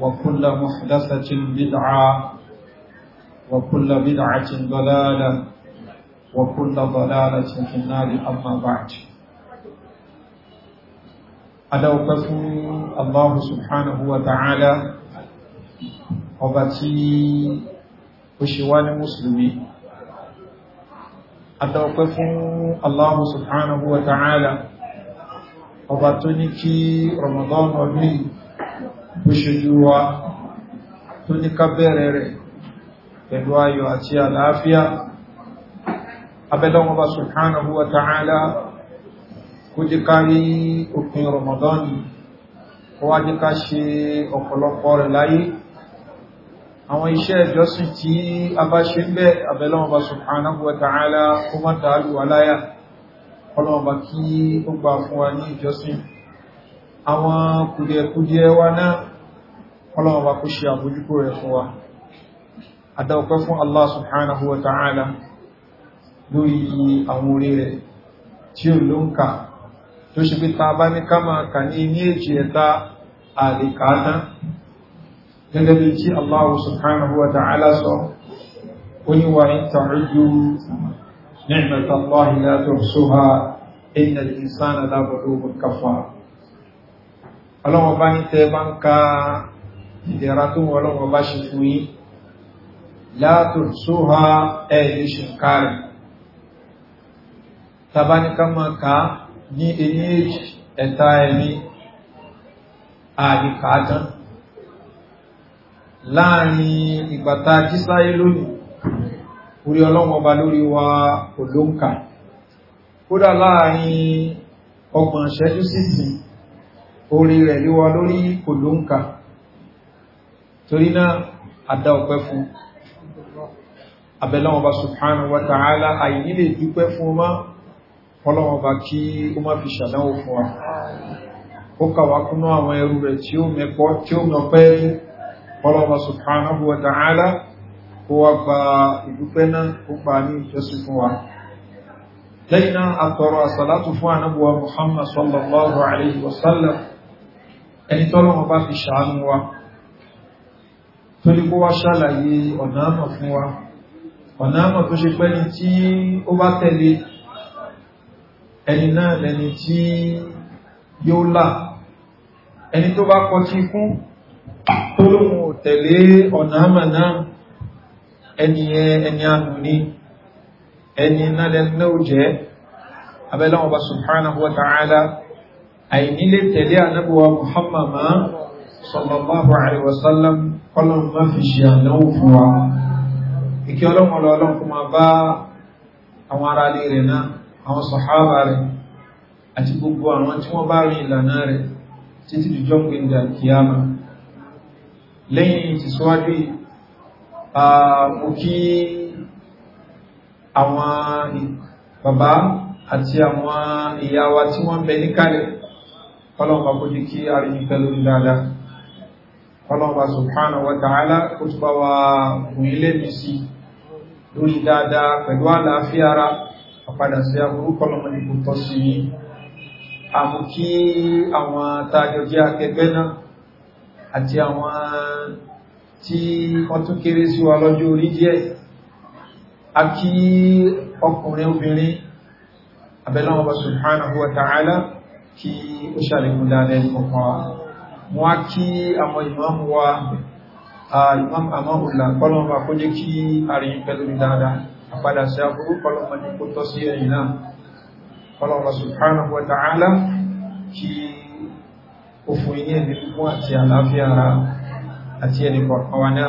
وكل محدثة بدعة وكل بدعة ضلالة وكل ضلالة في النار أما بعد أدوقف الله سبحانه وتعالى وبتي وشوان مسلمين أدوقف الله سبحانه وتعالى وبتنكي رمضان وبيه bó ṣojú wa tó ní ká bẹ̀rẹ̀ rẹ̀ pẹ̀lú ayọ̀ àti àlàáfíà abẹ́lọ́wọ́ bá subhanahu wa ta'ala kó jẹ́ ká rí òpin Ramadan kó wá jẹ́ ká ṣe ọ̀pọ̀lọpọ̀ rẹ̀ láyé àwọn iṣẹ́ ìjọsìn tí a bá ṣe ń bẹ́ abẹ́lọ́wọ́ bá subhanahu wa ta'ala kó má àwọn kùdìẹ̀kùdìẹ̀ wa náà ọlọ́wọ́ bá kó ṣe àbójúkó rẹ̀ fún wa adáwọ̀pẹ́ fún Allah subhanahu wa ta'ala lórí àwọn orí rẹ̀ tí ó ló ń kà tó ṣe pé ta bá ní ká máa kà ní ní èjì ẹ̀ta àlèkàátá gẹ́gẹ́ bí tí Allah subhanahu wa ta'ala sọ ó ní wa in ta'uddu ni'matallahi la tuhsuha innal insana ọlọ́wọ́ bá ní tẹ bá ń ka ìdẹ̀ra tó wọ́n ọlọ́wọ́ bá ṣe fún yí látò sóhá ẹ̀lẹ́ ṣe kárì tàbáníká máa ká ní ẹni èjì ẹ̀ta ẹni àdìkàádán láàrin ìgbàta jísáyé lónìí orí ọlọ́wọ́ bá lórí wa olóǹkà kódà láàrin ọgbọ̀n ṣẹ́jú sísìn orí rẹ̀ lé wa lórí kò ló ń ka torí náà àdá ọpẹ́ fún abẹ́lọ́wọ́n bá subhanahu wa ta'ala àìní lè dúpẹ́ fún ọmọ ọlọ́wọ́n bá kí ó má fi ṣàdánwò fún wa ó kàwà kúnnú àwọn ẹrù rẹ̀ tí ó mẹ́pọ̀ tí ó mẹ́pẹ́ ọlọ́wọ́n subhanahu wa ta'ala kó wá gba ìdúpẹ́ náà ó gbà ní ìjọsí fún ẹni tọ́lọ́wọ́ bá fi ṣàánú wa tó ní kó wá ṣàlàyé ọ̀nàmà fún wa ọ̀nàmà tó ṣe pẹ́ni tí ó bá tẹ̀lé ẹni náà lẹni tí yóò là ẹni tó bá kọ tí kún tó lóhun ò tẹ̀lé ọ̀nàmà náà ẹni ẹni ànú ní ẹni náà lẹni náà jẹ́ abẹ́lọ́wọ́ bá subhanahu wa ta'ala àìnílé tẹ̀lé ànábúwa Muhammad ma sallallahu alaihi wasallam kọlọ̀n má fi ṣe àdánwò fún wa ìkẹ́ ọlọ́mọlọ ọlọ́kùn ma bá àwọn ará lè rẹ̀ náà àwọn sọ̀hábà rẹ̀ àti gbogbo àwọn tí wọ́n bá rí ìlànà rẹ̀ títí jùjọ́ pé àti àwọn ìyá tí wọ́n bẹ níkàlẹ̀ kọlọ́ọ̀bá kó jẹ́ kí a rí ní pẹ̀lú dáadáa kọlọ́ọ̀bá subhanahu wa ta'ala kó tó bá wa kùn ilé mi sí lórí dáadáa pẹ̀lú àlàáfíà ara ọ̀padà sí aburú kọlọ́mọ ní kò tọ́ sí i àmú ọkùnrin obìnrin abẹ́lọ́wọ́ subhanahu wa ta'ala kí ó ṣàlékún dáadáa ní kọ̀kan wa wọ́n kí àwọn ìmáàmù wa ìmáàmù àmáhùlà kọ́lọ̀mà kó jẹ́ kí àríyìn pẹ̀lú dáadáa àpadà sí agbúrú kọ́lọ̀mà ní kó tọ́ sí ẹ̀yìn náà kọ́lọ̀mà subhanahu wa ta'ala kí ó fún iní ẹ̀mí fún àti àlàáfíà ara àti ẹni kọ̀kan wa náà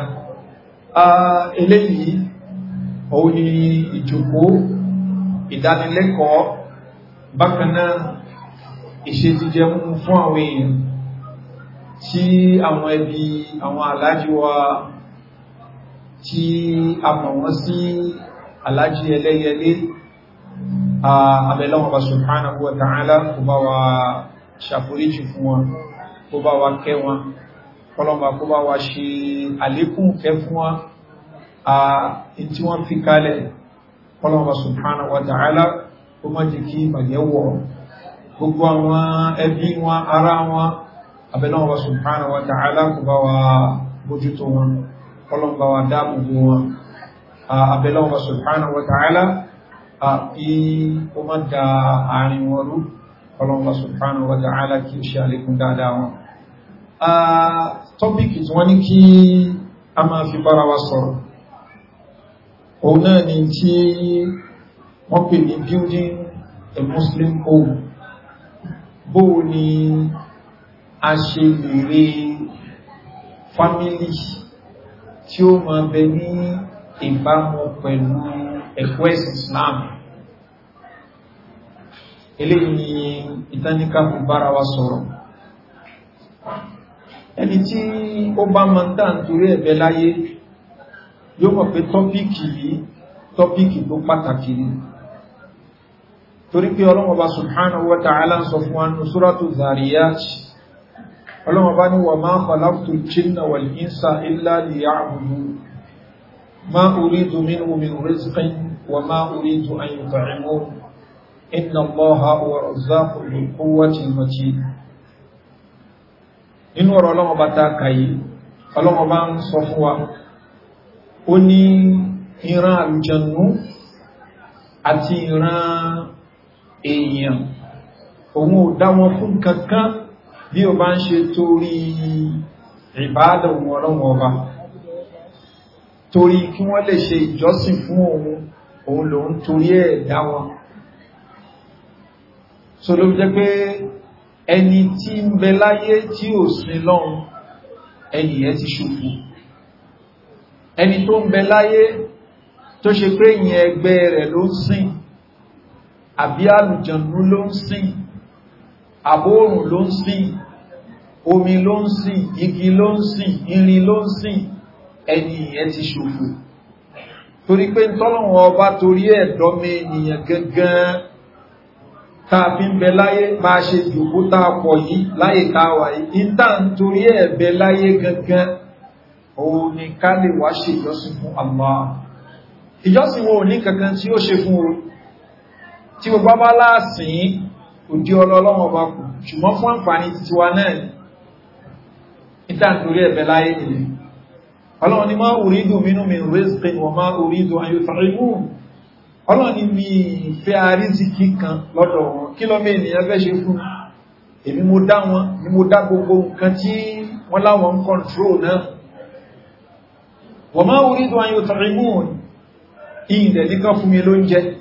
eléyìí ìṣe ti jẹ mú fún àwọn èèyàn tí àwọn ẹbí àwọn aláàjì wa tí a mọ̀ wọ́n sí aláàjì ẹlẹ́yẹlé àbẹ̀lọ́wọ̀n bá subhanahu wa ta'ala kò bá wa ṣàforíjì fún wọn kó bá wa kẹ́ wọn kọlọ́mbà kó bá wa ṣe àlékún kẹ́ fún wọn tí wọ́n fi kalẹ̀ kọlọ́mbà subhanahu wa ta'ala kó má jẹ́ kí ìbàjẹ́ wọ̀ gbogbo àwọn ẹbí wọn ará wọn abẹ́lá wọn subhanahu wa ta'ala kò bá wa bójútó wọn ọlọ́mbà wa dáàbòbò wọn abẹ́lá wọn subhanahu wa ta'ala kí ó má da àárín wọn rú ọlọ́mbà subhanahu wa ta'ala kí ó ṣe àlékún dáadáa wọn tọ́pìkì tí wọ́n ní kí a máa fi bára wa sọ̀rọ̀ òun náà ni tí wọ́n pè ní building a Muslim home bó ni a ṣe lèrè fámílì tí ó máa bẹ ní ìbámu pẹ̀lú ẹ̀kọ́ ẹ̀sìn Islam eléyìí ni ìtáníkà fún bára wa sọ̀rọ̀ ẹni tí ó bá ma ń dáa torí ẹ̀bẹ̀ láyé yóò mọ̀ pé tọ́píkì yìí tọ́píkì tó pàtàkì ni torí pé ọlọ́mọba subhanahu wa ta'ala ń sọ fún wọn nùsúrátù zariyat ọlọ́mọba ní wà máa kọ̀láftù jinna wal insa illa liya'budu ma uridu minhum min rizqin wa ma uridu an yut'imun inna allaha huwa razzaqu dhul quwwati matin inú ọ̀rọ̀ ọlọ́mọba ta kàyí ọlọ́mọba ń sọ fún wa ó ní ìran àlùjànnú àti ìran èèyàn òun ò dá wọn fún kankan bí o bá ń ṣe torí ìbáadà ohun ọlọ́run ọba torí kí wọ́n lè ṣe ìjọsìn fún òun òun lòun torí ẹ̀ dá wọn so ló jẹ́ pé ẹni tí ń bẹ láyé tí ò sin lọ́run ẹni ẹ ti ṣòfò ẹni tó ń bẹ láyé tó ṣe pé ìyẹn ẹgbẹ́ rẹ̀ ló sìn àbí àlùjànnú ló ń sìn àbóòrùn ló ń sìn omi ló ń sìn igi ló ń sìn irin ló ń sìn ẹni ìyẹn ti ṣòfò torí pé tọ́lọ̀wọ̀n ọba torí ẹ̀dọ́mẹ ènìyàn gangan táa fi ń bẹ láyé máa ṣe jòkó táa pọ̀ yìí láyé táwà yìí ìta ń torí ẹ̀bẹ láyé gangan òun ni ká lè wá ṣe ìjọsìn fún Allah ìjọsìn wọn ò ní kankan tí ó ṣe fún oru tí gbogbo bá láàsìn òdí ọlọ́lọ́wọ́ ọba kù ṣùgbọ́n fún àǹfààní ti wa náà níta ẹ̀bẹ̀ láyé nìyẹn ọlọ́run ni máa orí dùn mínú mi rẹ́sìkì wọ́n máa orí dùn ayò tàrímù ọlọ́run ni mi fẹ́ àrísìkì kan fún èmi mo ni mo dá gbogbo nǹkan tí wọ́n láwọn ń kọ́ntró náà wọ́n máa orí dùn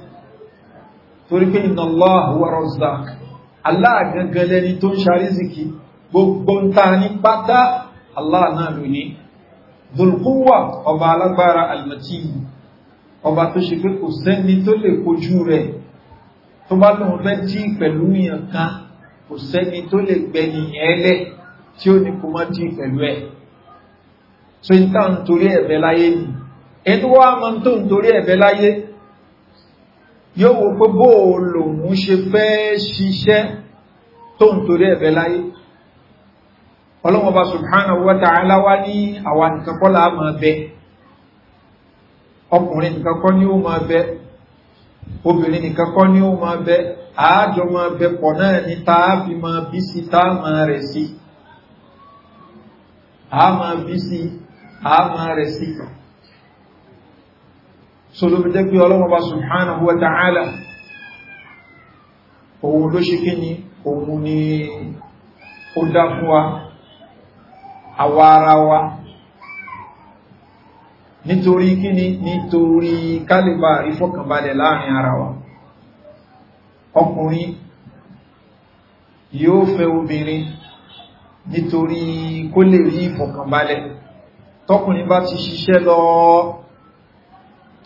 torí pé inna Allaha huwa razzaq Allah gangan lẹni tó ń ṣàrísìkì gbogbo ń ta ní pátá Allah náà ló ní dhul quwwa ọba alágbára al-matin ọba tó ṣe pé kò sẹ́ni tó lè kojú rẹ̀ tó bá lóun fẹ́ jí pẹ̀lú èèyàn kan kò sẹ́ni tó lè gbẹ̀yìn ẹlẹ́ tí ó ní kò mọ́ jí pẹ̀lú ẹ̀ so ìta ń torí ẹ̀bẹ̀ láyé ni ẹni wá mọ́ tó ń torí ẹ̀bẹ̀ láyé yóò wo pé bó o lòun ṣe fẹ́ ṣiṣẹ́ tó ń torí ẹ̀fẹ́ láyé ọlọ́wọ́n bá subhanahu wa ta'ala wá ní àwa nìkan kọ́ la máa bẹ ọkùnrin nìkan kọ́ ni ó máa bẹ obìnrin nìkan kọ́ ó máa bẹ àájọ máa bẹ pọ̀ náà ní tá fi máa bí sí tá máa rẹ̀ sí a máa bí sí a máa rẹ̀ sí kan so ló fi jẹ́ pé ọlọ́wọ́ bá subhanahu wa ta'ala òun ló ṣe kí ni òun ni ó dá fún wa àwa ara wa nítorí kí ni nítorí kálíbà ìfọkànbalẹ̀ láàrin ara wa ọkùnrin yóò fẹ́ obìnrin nítorí kó lè rí ìfọkànbalẹ̀ tọkùnrin bá ti ṣiṣẹ́ lọ́ọ́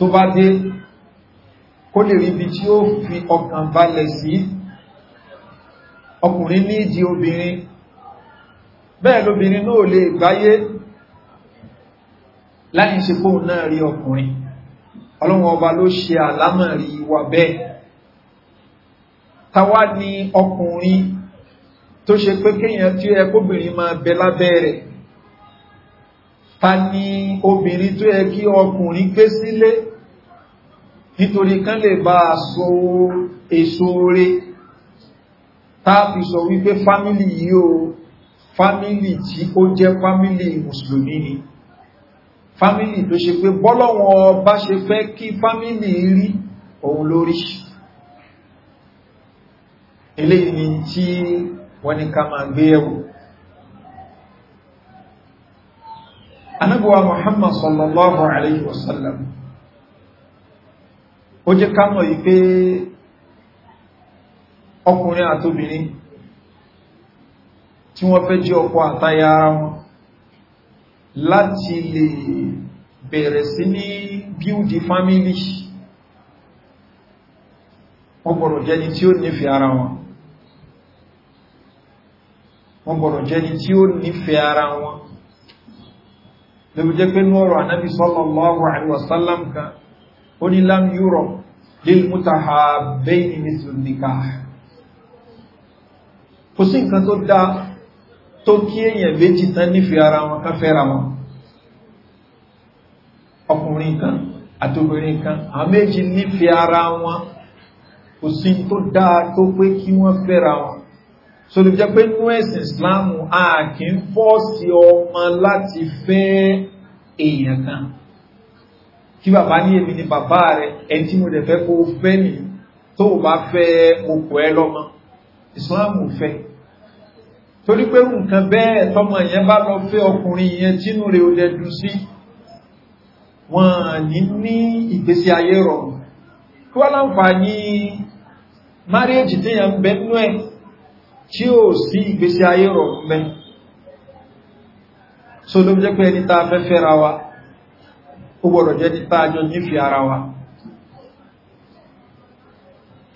tó bá dé kó lè rí ibi tí ó fi ọkàn balẹ̀ sí ọkùnrin ní ìdí obìnrin bẹ́ẹ̀ lóbìnrin náà lè gbáyé láì ṣe fóun náà rí ọkùnrin ọlọ́run ọba ló ṣe àlámọ̀rí wa bẹ́ẹ̀ táwa ni ọkùnrin tó ṣe pé kéèyàn tí ẹ máa bẹ lábẹ́ rẹ̀ ta ni obìnrin tó yẹ kí ọkùnrin gbé sílé nítorí kán lè bá so èso re tá fi sọ wípé fámílì yìí o fámílì tí ó jẹ́ fámílì mùsùlùmí ni fámílì tó ṣe pé bọ́lọ́wọ́n bá ṣe fẹ́ kí fámílì rí òun lórí eléyìí ni tí wọ́n ní ká máa gbé ẹ̀wò anábúwa muhammad sallallahu alayhi wasallam ó jẹ́ ká mọ̀ yí pé ọkùnrin àtóbìnrin tí wọ́n fẹ́ jẹ́ ọkọ àtayà ara wọn láti lè bẹ̀rẹ̀ sí ní build family wọ́n gbọ́dọ̀ jẹ́ni tí ó nífẹ̀ẹ́ ara wọn wọ́n gbọ́dọ̀ jẹ́ni tí ó nífẹ̀ẹ́ ara wọn lóbi jẹ́ pé nọ́rọ̀ anábi sallallahu alaihi wasallam kan ó ní lam yúrọ̀ lil mutahabbayni mithlu nikah kò sí nǹkan tó dá tó kí èèyàn méjì tán nífẹ̀ẹ́ ara wọn kan fẹ́ra wọn ọkùnrin kan àtòbìnrin kan àwọn méjì nífẹ̀ẹ́ ara wọn èèyàn kan kí bàbá ní èmi ni bàbá rẹ ẹni tí mo dẹ̀ fẹ́ kó fẹ́ mi tó o bá fẹ́ mo kọ ẹ lọ́mọ Islam fẹ́ torí pé nǹkan bẹ́ẹ̀ tọmọ yẹn bá lọ fẹ́ ọkùnrin yẹn tínú rẹ̀ ó dẹ̀dù sí wọn ní ní ìgbésí ayé rọrùn kí wọ́n láǹfààní márìèjì téèyàn ń bẹ́ẹ̀ nú ẹ̀ tí ò sí ìgbésí ayé rọrùn mẹ́rin so ló jẹ́ pé ẹni tá a fẹ́ fẹ́ra wa ó gbọ́dọ̀ jẹ́ ní tá jọ nífẹ̀ẹ́ ara wa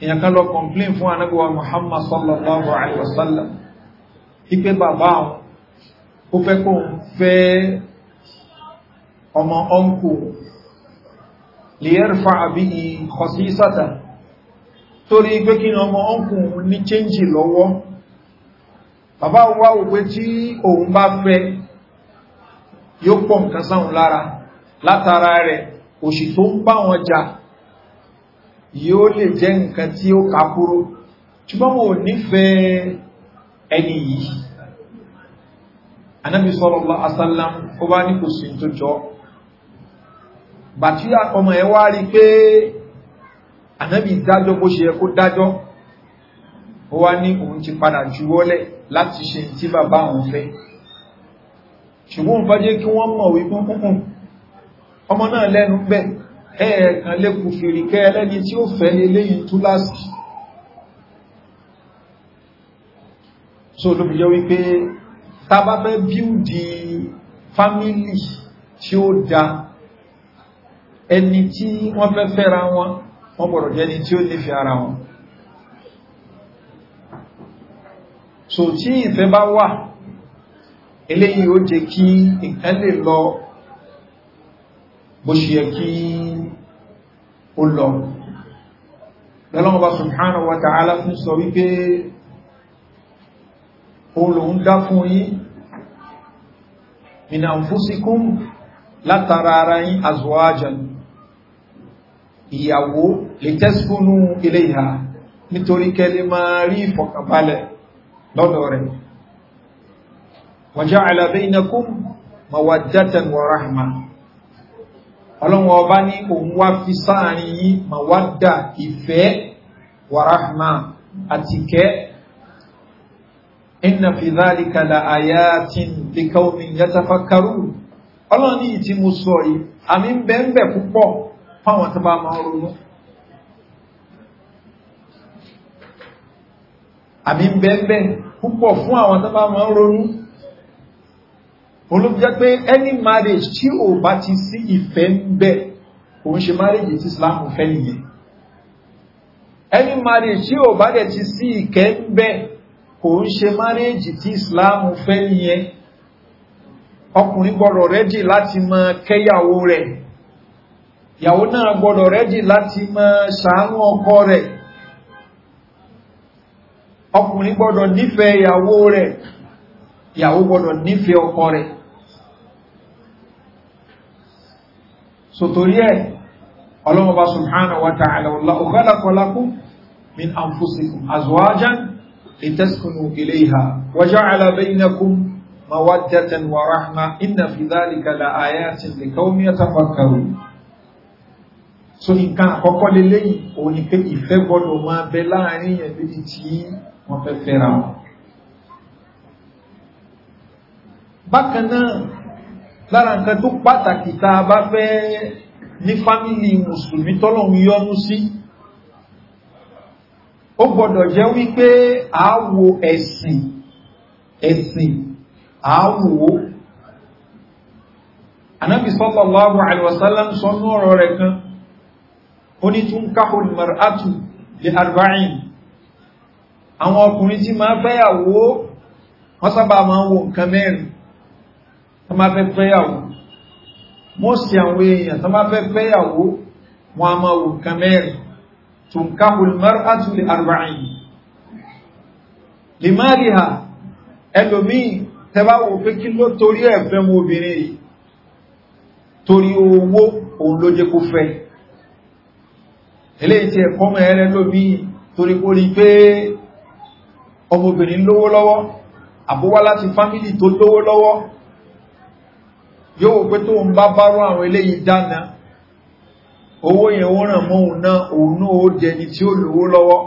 èèyàn kan lọ complain fún anábíwa Muhammad sallallahu alaihi wasallam ipe bàbá àwọn ó fẹ́ kó ń fẹ́ ọmọ ọ́nkù lèyẹ́rfà àbí ìkọsí sátà torí pé kí ọmọ ọ́nkù ní change lọ́wọ́ bàbá wá òpé tí òun bá fẹ́ yóò pọ̀ nǹkan sáhùn lára látara rẹ̀ òṣì tó ń bá wọn jà yóò lè jẹ́ nǹkan tí ó kàkúrò ṣùgbọ́n mo nífẹ̀ẹ́ ẹni yìí anábi sọ́lọ́lọ́ asálàm ó bá ní kò sí tó jọ bàtí ọmọ ẹ wá rí pé anábi dájọ́ bó ṣe yẹ kó dájọ́ ó wá ní òun ti padà juwọ́lẹ̀ láti ṣe tí bàbá òun fẹ́ ṣùgbọ́n bá jẹ́ kí wọ́n mọ̀ wípé kúkùn ọmọ náà lẹ́nu bẹ́ ẹ̀ẹ̀kan lékù fèrèkẹ́ ẹlẹ́ni tí ó fẹ́ eléyìí tú so olóbi jẹ́ wípé tàbá fẹ́ bíúdì fámílì tí ó dá ẹni tí wọ́n fẹ́ fẹ́ra wọn wọ́n gbọ́dọ̀ jẹ́ tí ó nífẹ̀ẹ́ ara wọn so tí ìfẹ́ bá wà eléyìí ó jẹ kí nǹkan lè lọ bó ṣe yẹ kí ó lọ lọ́lọ́wọ́ bá subhanahu wa ta'ala fún sọ wípé olóhun dá fún yí min anfusikum látara ara yí azwajan ìyàwó litaskunu ilayha nítorí kẹ́lẹ̀ máa rí ìfọ̀kànbalẹ̀ lọ́dọ̀ rẹ̀ wàjáàlá bainakum mawaddatan wa rahma ọlọ́run ọba ní òun wá fi sáàrin yí mawadda ìfẹ́ wa rahma àti kẹ́ inna fi dhalika la ayatin li qaumin yatafakkarun ọlọ́run ní ìtí mo sọ yìí àmì ń bẹ ń bẹ púpọ̀ fáwọn tó bá máa ronú àmì ń bẹ ń bẹ púpọ̀ fún àwọn tó bá máa ronú òun ló jẹ́ pé any marriage tí ò bá ti sí ìfẹ́ ń bẹ̀ òun ṣe marriage Islam fẹ́ nìyẹn any marriage tí bá ti sí ìkẹ́ ń bẹ̀ kò ṣe marriage tí Islam fẹ́ nìyẹn ọkùnrin gbọ́dọ̀ rẹ́dì láti mọ kẹ́yàwó rẹ̀ ọkọ rẹ̀ ọkùnrin gbọdọ nífẹ̀ẹ́ ìyàwó rẹ̀ ìyàwó gbọ́dọ̀ nífẹ́ ọkọ rẹ̀ sòtòrí ẹ̀ ọlọ́mọba subhanahu wa ta'ala wallahu khalaqa lakum min anfusikum azwajan litaskunu ilayha wa ja'ala bainakum mawaddatan wa rahma inna fi dhalika la ayatin liqaumin yatafakkarun so nǹkan àkọ́kọ́ lélẹ́yìn bákan náà lára nǹkan tó pàtàkì tá a bá fẹ́ ní fámìlì mùsùlùmí tọ́lọ́run yọ́nú sí ó gbọ́dọ̀ jẹ́ wípé àáwò ẹ̀sìn ẹ̀sìn àáwò anábi sallallahu alaihi wasallam sọ́nú ọ̀rọ̀ rẹ̀ kan ó ní tún káhù mar'atu lè arba'in àwọn ọkùnrin tí máa fẹ́yàwó wọ́n sábà máa ń wo nǹkan mẹ́rin tó máa fẹ́ fẹ́yàwó mọ́sí àwọn èèyàn tó máa fẹ́ fẹ́yàwó wọn a máa wò nǹkan mẹ́rin tó ń káhùn mẹ́rẹ́tù lè arba'in lè má rí ha ẹlòmíì tẹ́bá wò pé kí ló torí ẹ̀ fẹ́ mú obìnrin yìí torí owó òun ló jẹ́ kó fẹ́ àbúwá láti fámílì tó lówó lọ́wọ́ yóò pé tó ń bá bárú àwọn eléyìí dáná owó yẹn ó ràn mọ́ òun náà òun náà ó dẹni tí ó lówó lọ́wọ́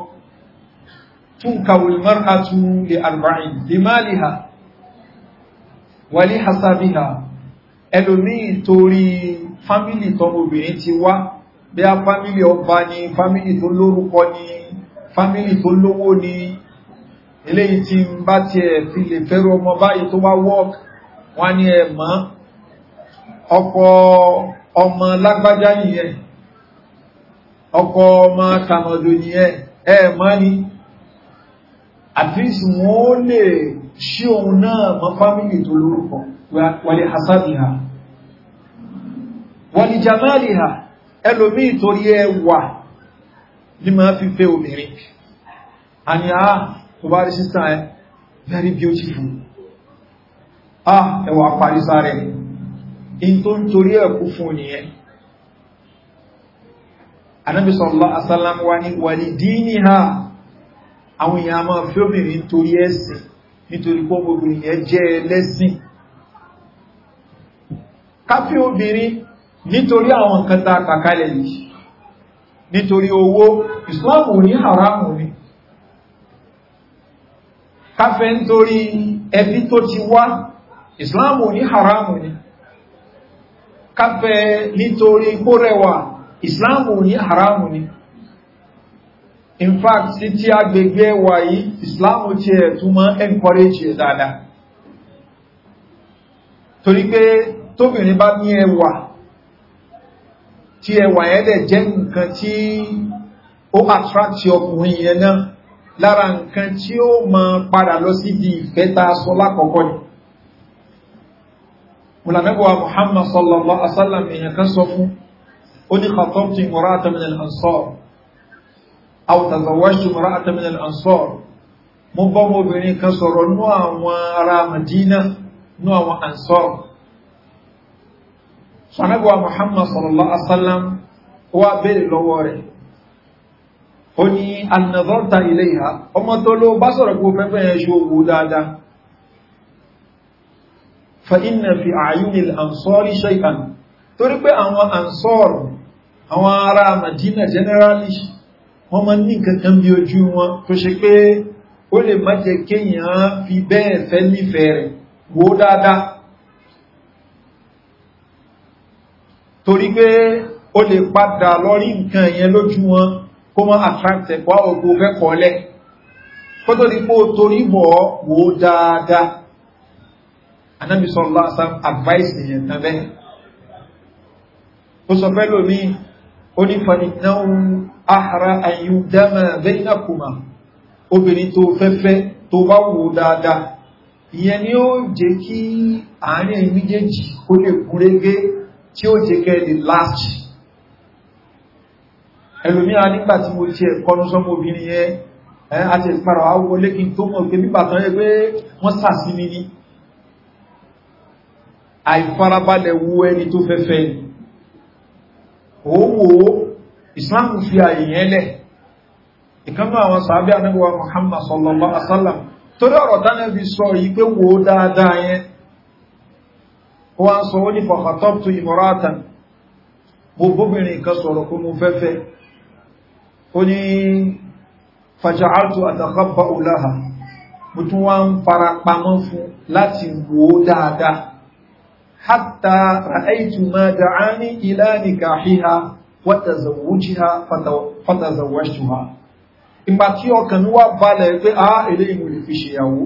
tún kàwé mọ́ra tún lè àrùbáyìn lè máa lè ha wà hasabi hà ẹlòmíì torí fámílì tọmọbìnrin ti wá bí a fámílì ọba ni fámílì tó lórúkọ ni fámílì tó lówó ni eléyìí ti ń bá tiẹ̀ fi lè fẹ́rù ọmọ báyìí tó bá wọ́ọ̀kì wọ́n á ní ẹ̀ ọkọ ọmọ lágbájá nìyẹn ọkọ ọmọ tàmọ̀dò nìyẹn ẹ ní ni àti ó lè ṣí òun náà mọ́ fámílì tó lórúkọ wàlé hasabi ha wàlé jamali ha ẹlòmí ìtorí ní máa fi fẹ́ obìnrin àni àá ah, tó bá rí ẹ very beautiful ah parí in ntori ń torí ẹ̀kú fún nìyẹn anábi sallallahu alaihi wasallam wa wali wàlì ha àwọn èèyàn máa fi obìnrin ntori ẹ̀sìn nitori pọ́ obìnrin yẹn jẹ́ ẹlẹ́sìn káfí obìnrin nítorí àwọn nǹkan tá kàkálẹ̀ islamu nítorí owó ìsìláàmù ní haramu ni kafe nítorí ẹbí tó ti wa ìsìláàmù ni haramu ni kafe nítorí kó rẹwà ìsìláàmù ní haramu ni in fact sí tí agbègbè ẹwà yìí ìsìláàmù ti ẹ̀ tún mọ́ encourage ẹ̀ dáadáa torí pé tóbìnrin bá ní ẹwà tí ẹwà yẹn dẹ̀ jẹ́ nǹkan tí ó attract ọkùnrin yẹn náà lára nǹkan tí ó máa padà lọ síbi ìfẹ́ ta sọ lákọ̀ọ́kọ́ ni mùlànàbíwá muhammad sallallahu alaihi wasallam èèyàn kan sọ fún ó ní khatọ́pti mọ́ra àtàmìnà ansọ́r àwòtàzàwáṣù mọ́ra àtàmìnà ansọ́r mú bọ́ mọ́bìnrin kan sọ̀rọ̀ nú àwọn ará madina nú àwọn ansọ́r sọ̀nàbíwá muhammad sallallahu alaihi wasallam wá bèèrè lọ́wọ́ rẹ̀ ó ní annazọ́ta ilé ìhà ọmọ tó ló bá sọ̀rọ̀ gbogbo fẹ́fẹ́ yẹn ṣe òwú dáadáa fa'inna fi àyúnil ansọ́rí ṣe'an torí pé àwọn ansọ́r àwọn ará madina generally wọ́n ma ní kankan bí ojú wọn tó ṣe pé ó lè má jẹ kéyàn fi bẹ́ẹ̀ fẹ́ nífẹ̀ẹ́ rẹ̀ wó dáadáa torí pé ó lè padà lọ́rí nǹkan yẹn lójú wọn kó mọ́ attract ẹ̀kọ́ ogun fẹ́ kọ́lẹ̀ kó tó di pé ó torí bọ̀ wó dáadáa anábì sọ́lá sam advice èèyàn tán bẹ́ẹ̀ ó sọ fẹ́lò mí ó ní fanináwó ahara ayyúdámà kuma. obìnrin tó fẹ́fẹ́ tó bá wò dáadáa ìyẹn ni ó jẹ́ kí àárín ẹ̀yìn méjèèjì kó lè gúrégé tí ó jẹ́ kẹ́ lè láàjì ẹlòmíà nígbà tí mo ti ẹ̀kọ́nu sọ́mọ obìnrin yẹn àti ìparọ̀ àwọlé kí tó mọ̀ pé bíbàtàn rẹ̀ pé wọ́n sàsí ni àìfarabalẹ̀ wo ẹni tó fẹ́fẹ́ owó islam fi àyíyàn lẹ̀ ìkánú àwọn sàábí anáwọ̀ muhammad sallallahu alaihi wasallam tó dọ̀rọ̀ dánẹ́bí sọ yìí pé wo dáadáa yẹn wọ́n sọ ó ní fọ̀kàtọ́pù ìmọ̀rátàn gbogbogbìnrin kan sọ̀rọ̀ kó mú fẹ́fẹ́ ó ní fàjáàtù àtàkọ́pàá òláhà mú tún wá ń fara pamọ́ fún láti wo dáadáa hatta ra'aytu ma da'ani ila nikahiha wa tazawwujiha fatazawwajtuha ìgbà tí ọkàn mi wá balẹ̀ pé a èlé ìmú lè fi ṣèyàwó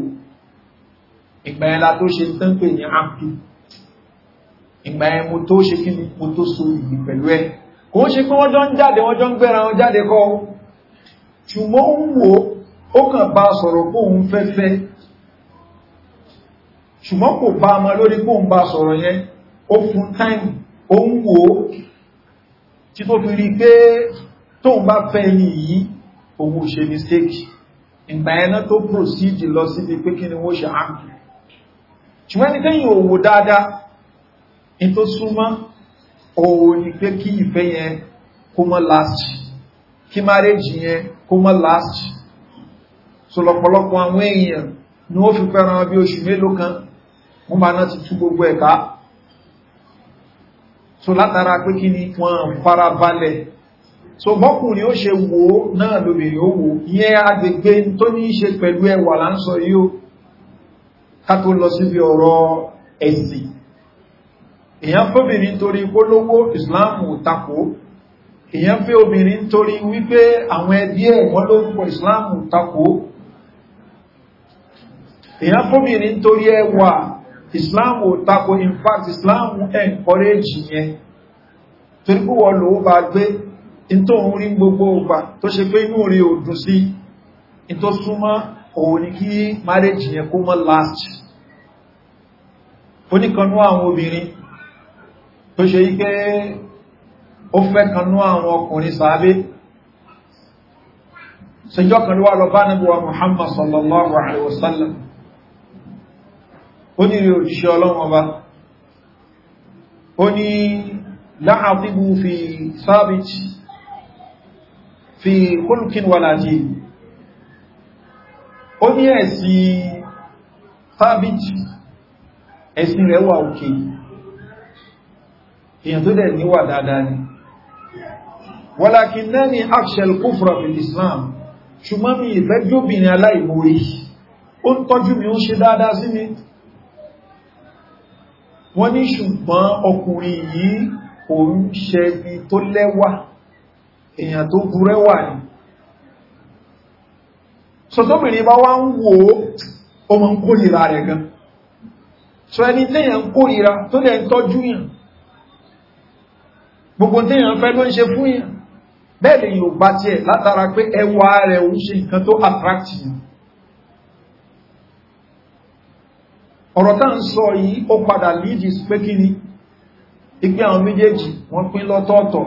ìgbà ẹ̀la tó ṣe tán pè ní ápì ìgbà ẹ̀ mo tó ṣe kí ni mo tó so ìgbì pẹ̀lú ẹ̀ kò ń ṣe pé wọ́n jọ ń jáde wọ́n jọ ń gbẹ́ra wọn jáde ṣùgbọ́n ó wò ó kàn bá sọ̀rọ̀ pé fẹ́fẹ́ ṣùgbọ́n kò bá ọmọ lórí kó ń bá sọ̀rọ̀ yẹn ó fún táìmù ó ń wò ó tí tó fi rí pé tó ń bá fẹ́ ẹni yìí owó ṣe mistake ìgbà ẹ̀nà tó proceed lọ síbi pé kí ni wọ́n ṣe áàkù ṣùgbọ́n ẹni tẹ́yìn òwò last kí marriage yẹn last so lọ́pọ̀lọpọ̀ àwọn èèyàn ni ó fi fẹ́ràn bí oṣù mélòó kan wọ́n máa náà ti tú gbogbo ẹ̀ká so látara pé kí ni wọ́n fara balẹ̀ so bọ́kùnrin ó ṣe wo náà lóbìnrin ó wo ìyẹn agbègbè tó ní ṣe pẹ̀lú ẹwà là ń sọ yìí ó ká tó lọ síbi ọ̀rọ̀ ẹ̀sìn èyàn fẹ́ obìnrin torí polówó ìsìláàmù takò èyàn fẹ́ obìnrin torí wípé àwọn ẹbí ẹ̀ wọ́n lórúkọ ìsìláàmù takò èyàn fẹ́ obìnrin torí ẹwà islam ò tako in fact islam encourage yẹn torí pé wọ́n lò ó bá gbé in tó ń rí gbogbo ọgbà tó ṣe pé inú rí ò sí in tó súnmọ́ òun ni kí marriage yẹn kó mọ́ last oníkanú àwọn obìnrin tó ṣe yí pé ó fẹ́ kanú àwọn ó ní rí òjíṣẹ́ ọlọ́run ọba ó ní láàbíbú fi sábìt fi kólùkín wà láti ó ní ẹ̀sì sábìt ẹ̀sìn rẹ̀ wà òkè èyàn tó dẹ̀ níwà dáadáa ni wàlákin náà ni afṣẹ́l kúfùrà fi islam ṣùgbọ́n mi ìfẹ́ jóbìnrin aláìmórí ó tọ́jú mi ó ṣe dáadáa sí mi wọ́n ní ṣùgbọ́n ọkùnrin yìí òun ṣẹni tó lẹ́wà èèyàn tó burẹ́wà ni sọ́tọ́bìnrin bá wá ń wo o mọ̀ ń kórìíra rẹ̀ gan so ẹni tẹ́yàn ń kórìíra tó lẹ́ ń tọ́jú yàn gbogbo tẹ́yàn fẹ́ ló ń ṣe fún yàn bẹ́ẹ̀ lè yóò bá tiẹ̀ látara pé ẹwà rẹ̀ òun ṣe nǹkan tó attract ọ̀rọ̀ tá ń sọ yìí ó padà lídì pé kí ni ìpín àwọn méjèèjì wọ́n pín lọ́tọ̀ọ̀tọ̀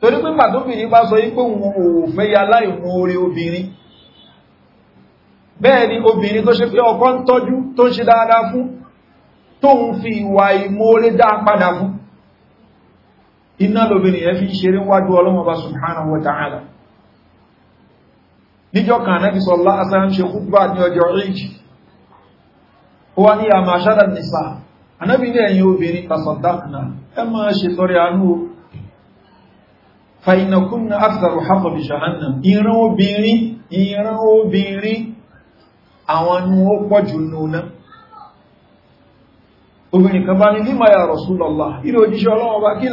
torí pé pàtóbìnrin bá sọ wípé òun òwò fẹ́ ya láìmọ̀ orí obìnrin bẹ́ẹ̀ ni obìnrin tó ṣe pé ọkọ ń tọ́jú tó ṣe dáadáa fún tóun fi ìwà ìmoore dá padà fún iná lóbìnrin ẹ fi ń ṣeré wájú ọlọ́mọba subhanahu wa ta'ala níjọ́ kan náà fi sọ ó wá ní àmà ṣádà nìsà anábì ní ẹ̀yin obìnrin tasaddaqna ẹ máa ṣe tọrẹ àánú fa inna kunna aktharu haqqan bi jahannam ìran obìnrin ìran obìnrin àwọn nu ó pọ̀ jù nùnà obìnrin kan bá ní lima ya Rasulullah ilé òjíṣẹ́ ọlọ́wọ́ bá kí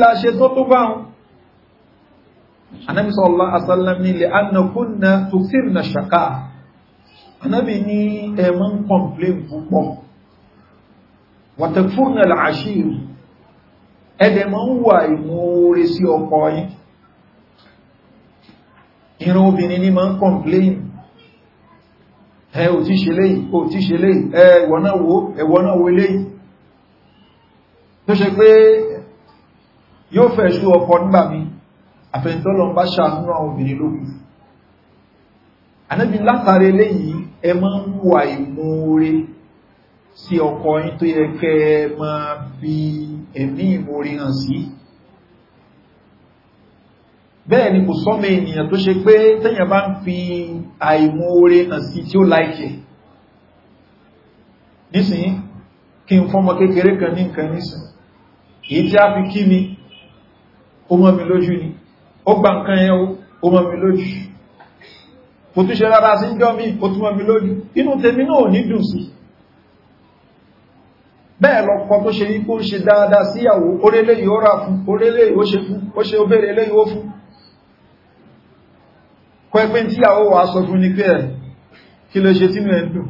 wàtàkùnà l'àṣírí ẹ̀dẹ̀ ma ń wà ìmúore sí ọkọ yín ìran obìnrin ní ma ń kọ̀m̀plẹ́yìn ẹ ò tí ṣe léyìn ò tí ṣe léyìn ẹ ìwọ̀náwó ẹ̀wọ̀náwó léyìn tó ṣe pé yóò fẹ́ ṣú ọkọ nígbà mi àfẹ́ntọ́lọ bá ṣàánú àwọn obìnrin lókùn anábi látàrí léyìn ẹ ma ń wà ìmúore Si ọkọ yín tó yẹ kẹ́ máa fi ẹ̀mí ìmorí hàn sí bẹ́ẹ̀ ni kò sọ́mọ ènìyàn tó ṣe pé tẹ́yàn bá ń fi àìmoore hàn sí tí ó láìkẹ̀ nísìn kí n fọ́mọ kékeré kan ní nǹkan nísìn èyí tí a fi kí mi ó mọ́ mi lójú ni ó gba nǹkan yẹn ó mọ́ mi lójú kò túnṣe rárá sí ń jọ́ mi ó tún mọ́ mi lójú inú tèmi náà ò ní dùn sí i bẹ́ẹ̀ lọ kọ tó ṣe ipò ṣe dáadáa síyàwó orílẹ̀ yìí ó rà fún orílẹ̀ yìí ó ṣe fún ó ṣe obèrè lẹ́yìn ó fún kọ ẹgbẹ́ tíyàwó wà sọ fún ní pé ẹ̀ kí ló ṣe sínú ẹ̀dùn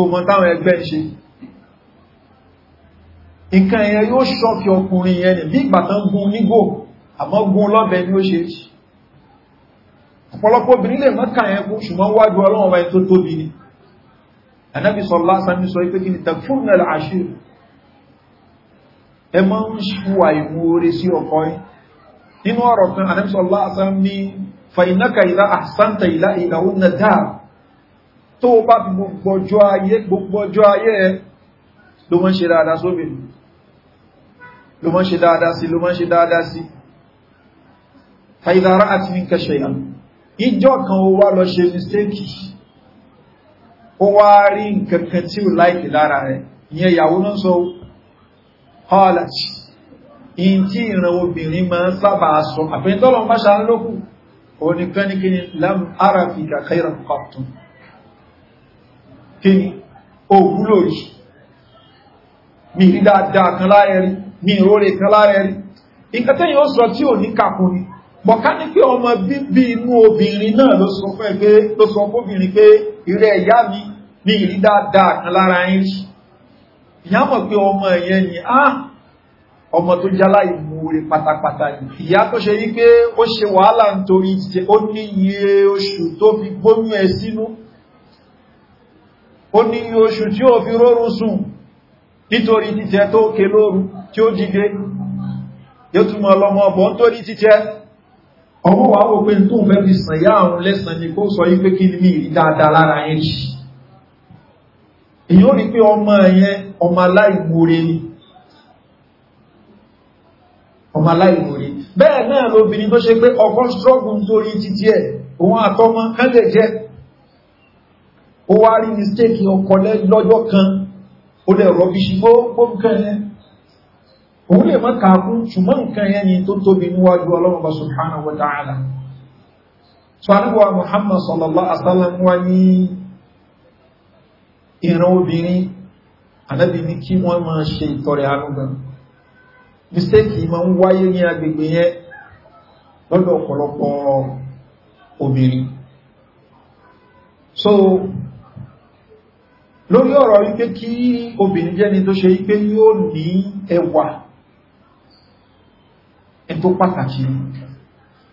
ọmọ táwọn ẹgbẹ́ ṣe nǹkan ẹ̀yẹ yóò ṣọ́fì ọkùnrin yẹn ni bí ìgbàtán gun nígò àmọ́ gun lọ́bẹ̀ ni ó ṣe ọ̀pọ̀lọpọ̀ obìnrin lè mọ́kàn ẹ̀kú ṣùgbọ́n wájú ọlọ́run anábì sọ lásán ní sọ ipé kí ni tẹ̀fúnnà àṣírí ẹ máa ń ṣùwà ìmúore sí ọkọ yìí nínú ọ̀rọ̀ kan anábì sọ lásán ní fàìnákà ìlà àṣántà ìlà ìlàwó na dáa tó bá fi gbogbo ọjọ́ ayé gbogbo ọjọ́ ayé ẹ ló mọ́ ṣe dáadáa sóbì ló mọ́ ṣe dáadáa sí ló mọ́ ṣe dáadáa sí kó wá rí nkankan tí ó láìkì lára rẹ̀ ìyẹn ìyàwó náà sọ harlot in tí ìran obìnrin máa ń sábà sọ àpẹntọ́lọ̀ máṣà lókù onìkan ní kíni lam ara fi kàkàrà kọ̀tún kíni ó wúlò rí mi rí dáadáa kan láàrẹ rí mi ìróre kan láàrẹ rí nǹkan tẹ́yìn ó sọ tí ò ní kàkún ni bọ̀ká ní pé ọmọ bíbí inú obìnrin náà ló sọ fún obìnrin pé ìrẹ́ ìyá mi ní ìrí dáadáa kan lára yín rí ìyá mọ̀ pé ọmọ ẹ̀yẹn ni á ah, ọmọ tó jálá ìmúre pátápátá ni ìyá tó ṣe yí pé ó ṣe wàhálà nítorí jíjẹ ó ní iye oṣù tó fi gbóyún ẹ sínú ó ní iye oṣù tí ó fi rórun sùn nítorí títẹ tó ké lóru tí ó jíde yóò túnmọ̀ ni kó sọ yí èyí ó rí pé ọmọ ẹ̀yẹn ọmọ aláìmoore ni ọmọ aláìmoore bẹ́ẹ̀ náà lóbìnrin tó ṣe pé ọkọ strọ́gùn torí títí ẹ̀ òun àtọmọ kán lè jẹ́ ó wá rí mistake ọkọ lọ́jọ́ kan ó lẹ̀ rọ́bíṣì gbogbo nǹkan yẹn òun lè mọ́ kàákún ṣùgbọ́n nǹkan yẹn ni tó tóbi níwájú ọlọ́run bá wa sọ àdúgbò muhammad ìran obìnrin ànábì ní kí wọ́n máa ṣe ìtọrẹ arúgbọ́n mistake ma ń wáyé ní agbègbè yẹn lọ́dọ̀ ọ̀pọ̀lọpọ̀ obìnrin so lórí ọ̀rọ̀ wípé kí obìnrin jẹ́ni tó ṣe wípé yóò ní ẹwà ẹ̀ pàtàkì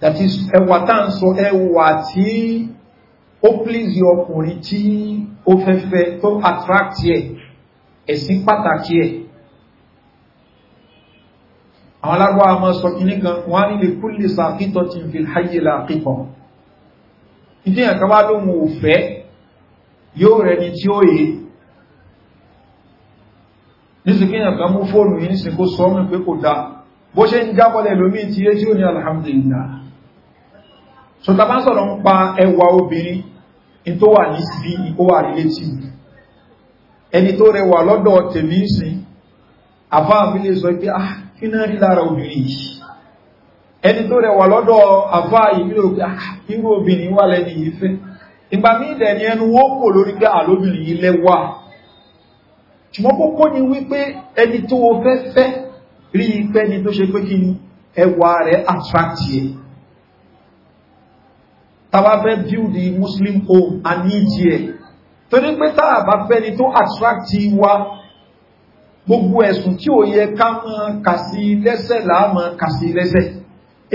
that is ẹwà tá ń sọ ẹwà tí ó please ọkùnrin tí ó fẹ́fẹ́ tó attract ẹ̀ ẹ̀sìn pàtàkì ẹ̀ àwọn alárùwá a máa sọ kìíní kan wọ́n ní lè kúlè sàkítọ̀ tí fi háyè láàkíkọ̀ ìdí ẹ̀ká wá lóhun òfẹ́ yóò rẹ̀ ni tí ó yé nísìkíyàn kan mú fóònù yìí nísìn kó sọ mú pé kò dá bó ṣe ń jábọ́lẹ̀ lómi tí yé tí ó ní alhamdulillah so ta bá sọ̀rọ̀ ń pa ẹwà obìnrin in tó wà ní sí ó wà relative ẹni tó rẹwà lọ́dọ̀ tèmi ń sìn àfáàmì lè sọ pé ah kí náà rí lára obìnrin yìí ẹni tó rẹwà lọ́dọ̀ àfáà yìí ló pé ah irú obìnrin wà lẹ́ni yìí fẹ́ ìgbà mí ìdẹ̀ ni ẹnu wọ́n kò lórí pé àlóbìnrin yìí lẹ́wà ṣùgbọ́n kókó ni wípé ẹni tó fẹ́ fẹ́ rí ipẹ́ ni tó ṣe pé kí ni ẹwà rẹ̀ attract yẹn tàbá fẹ́ build the muslim home a ní ìjẹ́ torí pé tàà bá fẹ́ ni tó attract wa gbogbo ẹ̀sùn tí ó yẹ ká mọ́ kàsí lẹ́sẹ̀ láàmọ́ kàsí lẹ́sẹ̀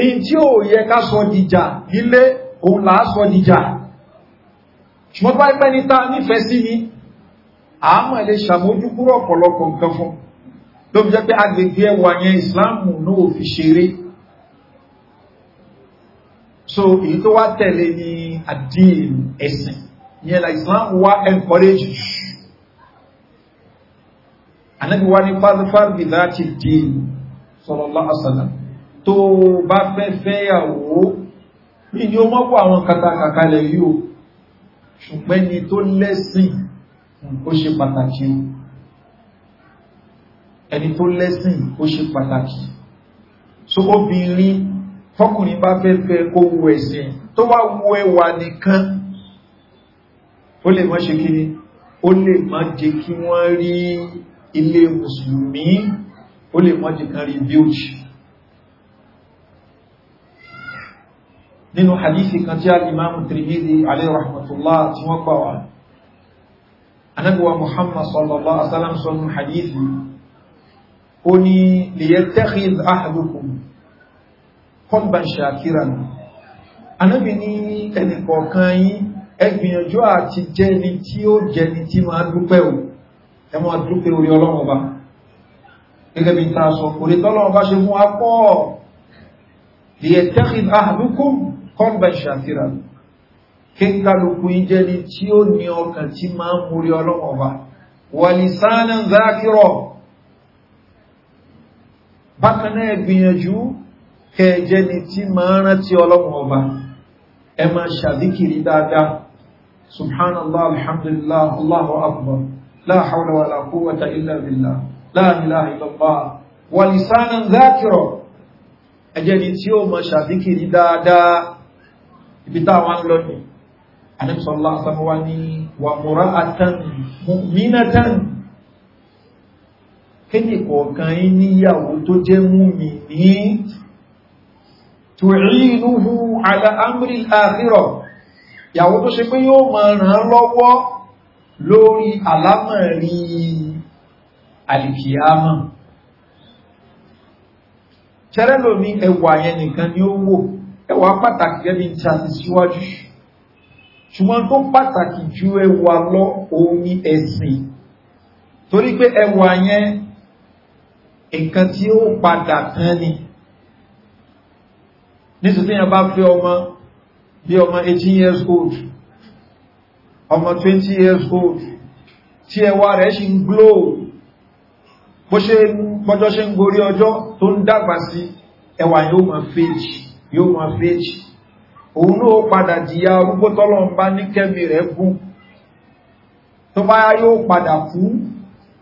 èyí tí ó yẹ ká sọ dìjà nílé òun là á sọ dìjà ṣùgbọ́n bá pẹ́ ní tá nífẹ̀ẹ́ sí ni àmọ́ lè ṣàmójúkúrò ọ̀pọ̀lọpọ̀ nǹkan fún ló fi jẹ́ pé agbègbè ẹwà yẹn ìsìláàmù náà ò fi ṣeré so èyí tó wá tẹ̀lé ní àdín ẹ̀sìn yẹn la islam wá encourage jù anábi wá ní fáfáfáà bí láti dín sallallahu alaihi wasallam tó bá fẹ́ fẹ́yàwó ní ni ó mọ́pọ̀ àwọn kàtàkàkalẹ̀ yíò ṣùgbẹ́ ni tó lẹ́sìn ó ṣe pàtàkì ẹni tó lẹ́sìn ó ṣe pàtàkì so obìnrin fọ́kùnrin bá fẹ́ fẹ́ kó wu ẹ̀sìn tó wá wu ẹwà nìkan ó lè má ṣe kí ni ó lè má jẹ́ kí wọ́n rí ilé mùsùlùmí ó lè má jẹ́ kan rí bíòjì nínú hadithi kan tí alìmáàmù Tirmidhi alayhi rahmatullah tí wọ́n gbà kọ́nbàn ṣàkíran anábì ní ẹnìkọ̀ọ̀kan yín ẹgbìyànjú àti jẹni tí ó jẹni tí máa dúpẹ́ o ẹ máa dúpẹ́ orí ọlọ́mọba gẹ́gẹ́ bí ta sọ orí tọ́lọ́mọba ṣe mú apọ́ liyẹ̀tẹ́kìn ahàdúkùn kọ́nbàn ṣàkíran kí kẹjẹ́ ni tí máa rántí ọlọ́run ọba ẹ máa ṣàdíkìrí dáadáa subhanallah alhamdulillah allahu akbar la hawla wa la quwwata illa billah la ilaha illallah wa lisanan dhakira ẹjẹ́ ni tí ó máa ṣàdíkìrí dáadáa ibi táwọn lọ́nìí anẹ́sọ̀lá àtàwà ní wà múra àtàn mínàtàn kéèkọ̀ọ̀kan yí níyàwó tó jẹ́ mú mi ní tùrínúhu ala amri al-akhirah ìyàwó tó ṣe pé yóò máa ràn lọ́wọ́ lórí àlámọ̀rí alìkìyàmà ṣẹrẹ́lò ní ẹwà yẹn nìkan ni ó wò ẹwà pàtàkì gẹ́bí tí a ti síwájú ṣùgbọ́n tó pàtàkì ju ẹwà lọ òun ẹ̀sìn torí pé ẹwà yẹn nǹkan tí ó padà tán ni nísìtí yẹn bá fẹ́ ọmọ bí ọmọ 18 years old ọmọ 20 years old tí ẹwà rẹ̀ ṣe ń gló bó ṣe pọ́jọ́ ṣe ń gorí ọjọ́ tó ń dàgbà sí ẹwà yóò máa fèjì yóò máa fèjì òun náà padà jìyà arúgbó tọ́lọ̀ ní kẹ́mì rẹ̀ gùn tó bá yóò padà kú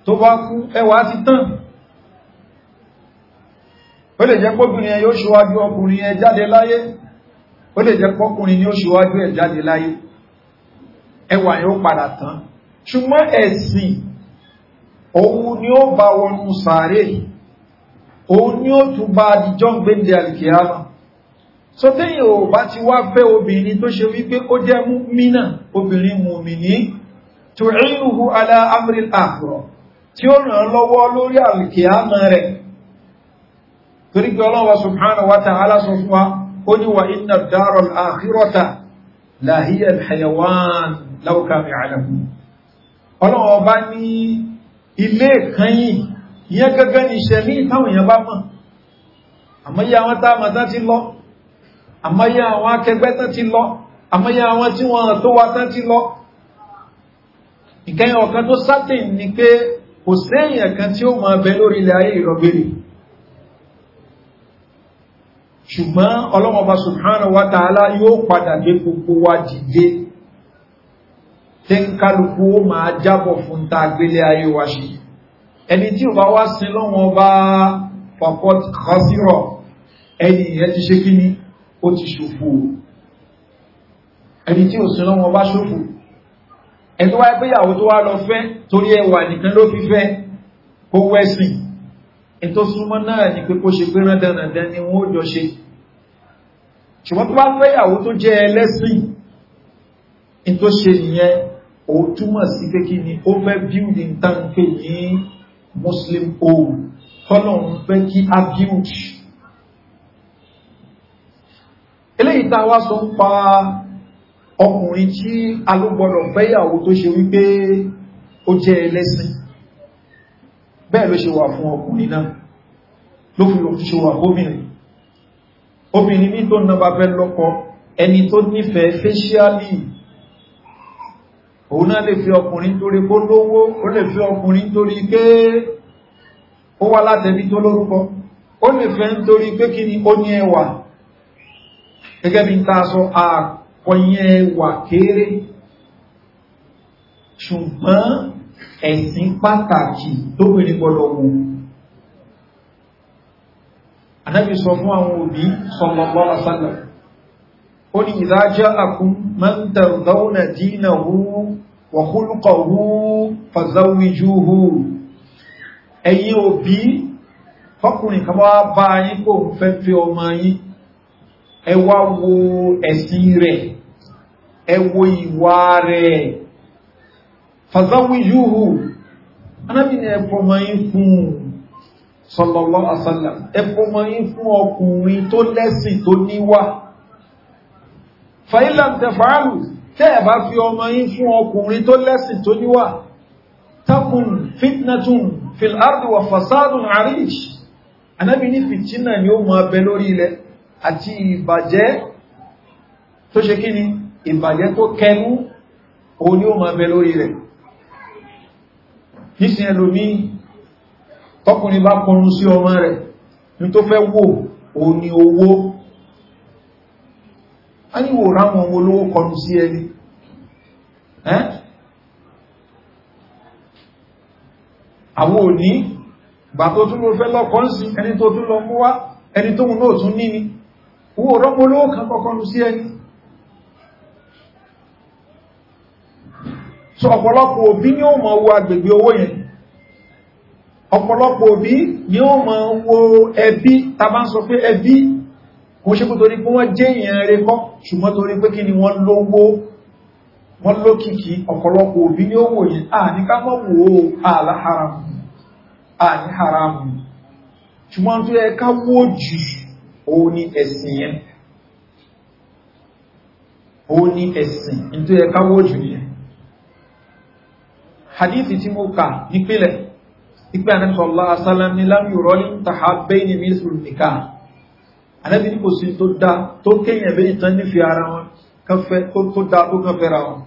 tó bá kú ẹwà ti tán ó lè jẹ́ pọ́kùnrin ẹ yóò ṣíwájú ọkùnrin ẹ jáde láyé ó lè jẹ́ pọ́kùnrin ni ó ṣíwájú ẹ jáde láyé ẹwà yóò padà tán ṣùgbọ́n ẹ̀sìn òun ni ó bá wọnú sàárè òun ni ó tún bá àdìjọ́ gbéǹdé alìkìyàmà so téyìn ò bá ti wá fẹ́ obìnrin tó ṣe wípé ó jẹ́ mú mínà obìnrin mùmìnì tùrínúhu alá amril àkùrọ̀ tí ó ràn lọ́wọ́ lórí alìkìyàmà rẹ̀ torí pé ọlọ́wà subhanahu wa ta'ala sọ fún wa ó ní wa inna ad-dara al-akhirata la hiya al-hayawan law kanu ya'lamun ọlọ́wà bá ní ilé kanyìn yẹn gẹ́gẹ́ ní ìṣẹ̀lẹ̀ ìtàwọn èèyàn bá mọ̀ àmọ́yá àwọn tá ṣùgbọ́n ọlọ́mọba subhanahu wa ta'ala yóò padà gbé gbogbo wa dìde tí ń kálukú ó máa jábọ̀ fún ta gbélé ayé wa ṣe ẹni tí ò bá wá sin lọ́wọ́n bá fọ̀kọ́t kọ́sírọ̀ ẹni ìyẹn ti ṣe kíní ó ti ṣòfò ẹni tí ò sin lọ́wọ́n ṣòfò ẹni tó wáyé pé ìyàwó tó wá lọ fẹ́ torí ẹwà nìkan ló fi fẹ́ kó wẹ́sìn ètò súnmọ́ náà ni pé kó ṣe pé rán dandan ni wọ́n jọ ṣe ṣùgbọ́n tó bá fẹ́yàwó tó jẹ́ ẹlẹ́sìn in tó ṣe nìyẹn ó túmọ̀ sí pé kí ni ó fẹ́ build in tán pé ní muslim home kọ́nà ń fẹ́ kí a build eléyìí tá a wá sọ ń pa ọkùnrin tí alúgbọ́dọ̀ fẹ́yàwó tó ṣe wípé ó jẹ́ ẹlẹ́sìn bẹ́ẹ̀ ló ṣe wà fún ọkùnrin náà ló fi ṣe wà gómìnrin obìnrin ní tó náà bá fẹ́ lọ́kọ ẹni tó nífẹ̀ẹ́ fẹ́ṣíálì òun náà lè fi ọkùnrin torí kó lówó ó lè fi ọkùnrin torí pé ó wá látẹ̀bí tó lórúkọ ó lè fẹ́ ń pé kí ni ó ní ẹwà gẹ́gẹ́ bí ta sọ àkọyẹ ẹwà kéré ṣùgbọ́n ẹ̀sìn pàtàkì tó pèrè gbọ́dọ̀ wù anábi sọ fún àwọn òbí sallallahu alaihi wasallam ó ní idha ja'akum man tardawna dinahu wa khuluquhu fazawwijuhu ẹ̀yin òbí fọ́kùnrin kan bá bá kò fẹ́ fẹ́ ọmọ yín ẹ wo ẹ̀sìn rẹ̀ ẹ ìwà rẹ̀ fàzáwí yúhù anábìnrin ẹ̀fọ́mọ́yí fún sọ̀lọ̀lọ́ àsàlà ẹ̀fọ́mọ́yí fún ọkùnrin tó lẹ́sìn tó níwà fàílàntẹ̀fàálù tẹ́ ẹ̀bá fi ọmọyí fún ọkùnrin tó lẹ́sìn tó níwà takùn fitnatun fil'ardu wa fasadun arish anábìnrin fìtínà ni ó mọ abẹ lórí ilẹ̀ àti ìbàjẹ́ tó ṣe kí ni ìbàjẹ́ tó kẹnu òun ni ó mọ abẹ lórí ilẹ̀ nísìn ẹlòmí tọkùnrin bá kọrún sí ọmọ rẹ̀ ní tó fẹ́ wò ó ní owó a ní wò ráwọn olówó kọrún sí ẹni àwọn òní bà tó tún ló fẹ́ lọ́kọ́ sí ẹni tó tún lọ mú wá ẹni tó mú náà tún ní ni owó rọ́pọ̀ olówó kan kọkọrún sí ẹni so ọ̀pọ̀lọpọ̀ òbí ni ó máa wo agbègbè owó yẹn ọ̀pọ̀lọpọ̀ òbí ni ó máa wo ẹbí tàbá ń sọ pé ẹbí kò ṣe kó torí pé wọ́n jẹ́ èèyàn rẹ kọ́ ṣùgbọ́n torí pé kí ni wọ́n lówó wọ́n lókìkí ọ̀pọ̀lọpọ̀ òbí ni ó wò yẹn à ní ká mọ́ wò ó àlá haramu à ní haramu ṣùgbọ́n tó yẹ ká wò jù òun ni ẹ̀sìn yẹn òun ni ẹ̀sìn tó yẹ ká wò jù ní hadithi tí mo kà nípìlẹ̀ ipe anabi sallallahu alaihi wasallam ní lam yurali tahabbaini mithlul nikah anabi ní kò sí tó dá tó kéèyàn bẹ́ẹ̀ tán nífẹ̀ẹ́ ara wọn tó dá tó kan fẹ́ra wọn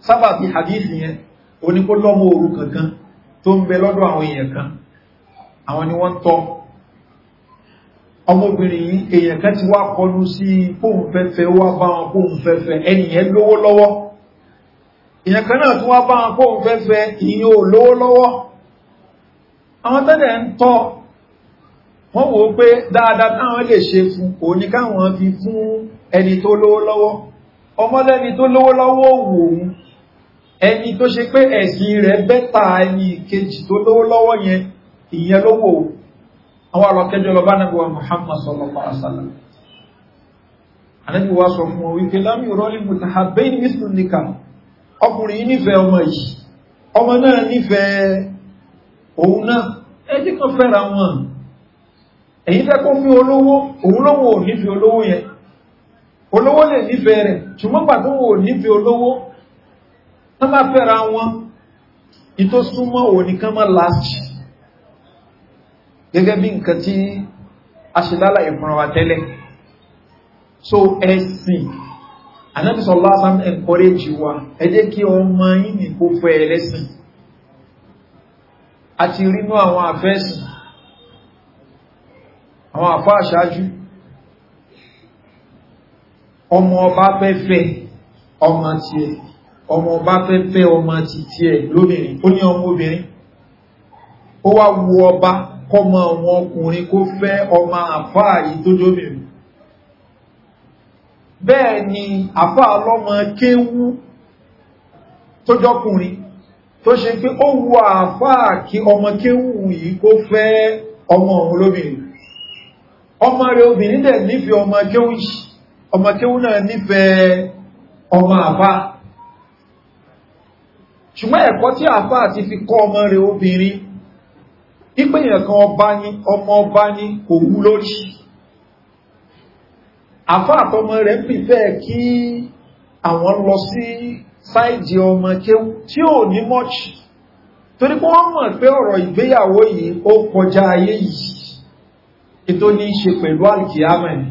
sábà bí hadithi yẹn oní kó lọ́mọ òru kankan tó ń bẹ lọ́dọ̀ àwọn èèyàn kan àwọn ni wọ́n tọ́ ọmọbìnrin èèyàn kan ti wá kọlu sí póun fẹ́fẹ́ wá bá wọn fẹ́fẹ́ ẹnìyẹn lówó lọ́wọ́ ìyẹn kan náà tí wọ́n bá wọn kóhun fẹ́fẹ́ ìyẹn ò lówó lọ́wọ́ àwọn tẹ́lẹ̀ ń tọ́ wọ́n wò pé dáadáa táwọn lè ṣe fún òní káwọn fi fún ẹni tó lówó lọ́wọ́ ọmọlẹ́ni tó lówó lọ́wọ́ wòun ẹni tó ṣe pé ẹ̀sìn rẹ̀ bẹ́ta ẹni kejì tó lówó lọ́wọ́ yẹn ìyẹn ló àwọn àlọ́kẹjọ lọ bá nàbí wa Muhammad sallallahu alaihi wasallam sọ fún wọn wípé lámì rọ́lì mùtàhàbẹ́ni mísùn nìkan ọkùnrin nífẹ̀ẹ́ ọmọ yìí ọmọ náà nífẹ̀ẹ́ òun náà ẹjí kan fẹ́ra wọn èyí fẹ́ kó fún olówó òun lówó ò nífẹ̀ẹ́ olówó yẹn olówó lè nífẹ̀ẹ́ rẹ̀ ṣùgbọ́n pàtó wò nífẹ̀ẹ́ olówó tán bá fẹ́ra wọn ìtó súnmọ́ òníkan mọ́ láti gẹ́gẹ́ bí nǹkan tí a ṣe lálàyé fúnra wa tẹ́lẹ̀ so ẹ̀sìn Ànábì sallallahu alaihi wasallam encourage wa ẹ jẹ́ kí ọmọ yín ní kó fẹ́ ẹlẹ́sìn àti rínú àwọn àfẹ́sìn àwọn àfá àṣáájú ọmọ ọba fẹ́ fẹ́ ọmọ ti ẹ̀ ọmọ ọba fẹ́ fẹ́ ọmọ ti ti ẹ̀ lóbìnrin ó ní ọmọ obìnrin ó wá wu ọba kọmọ ọmọ ọkùnrin kó fẹ́ ọmọ àfá yìí tó jóbìnrin bẹ́ẹ̀ ni àfá ọlọ́mọ kéwú tó jọkùnrin tó ṣe pé ó wu àfá kí ọmọ kéwú yìí kó fẹ́ ọmọ òun lóbìnrin ọmọ rẹ̀ obìnrin dẹ̀ nífẹ̀ẹ́ ọmọ kéwú ọmọ kéwú náà nífẹ̀ẹ́ ọmọ àfá ṣùgbọ́n ẹ̀kọ́ tí àfá àti fi kọ́ ọmọ rẹ̀ obìnrin ìpéyàn kan ọba ní ọmọ ọba ní kò wú lórí àfá àtọmọ rẹ̀ pìfẹ́ kí àwọn lọ sí sáìdì ọmọ kéwú tí ò ní mọ́ọ̀ṣì torí pé wọ́n mọ̀ pé ọ̀rọ̀ ìgbéyàwó yìí ó kọjá ayé yìí ètò ní í ṣe pẹ̀lú alkiyama ni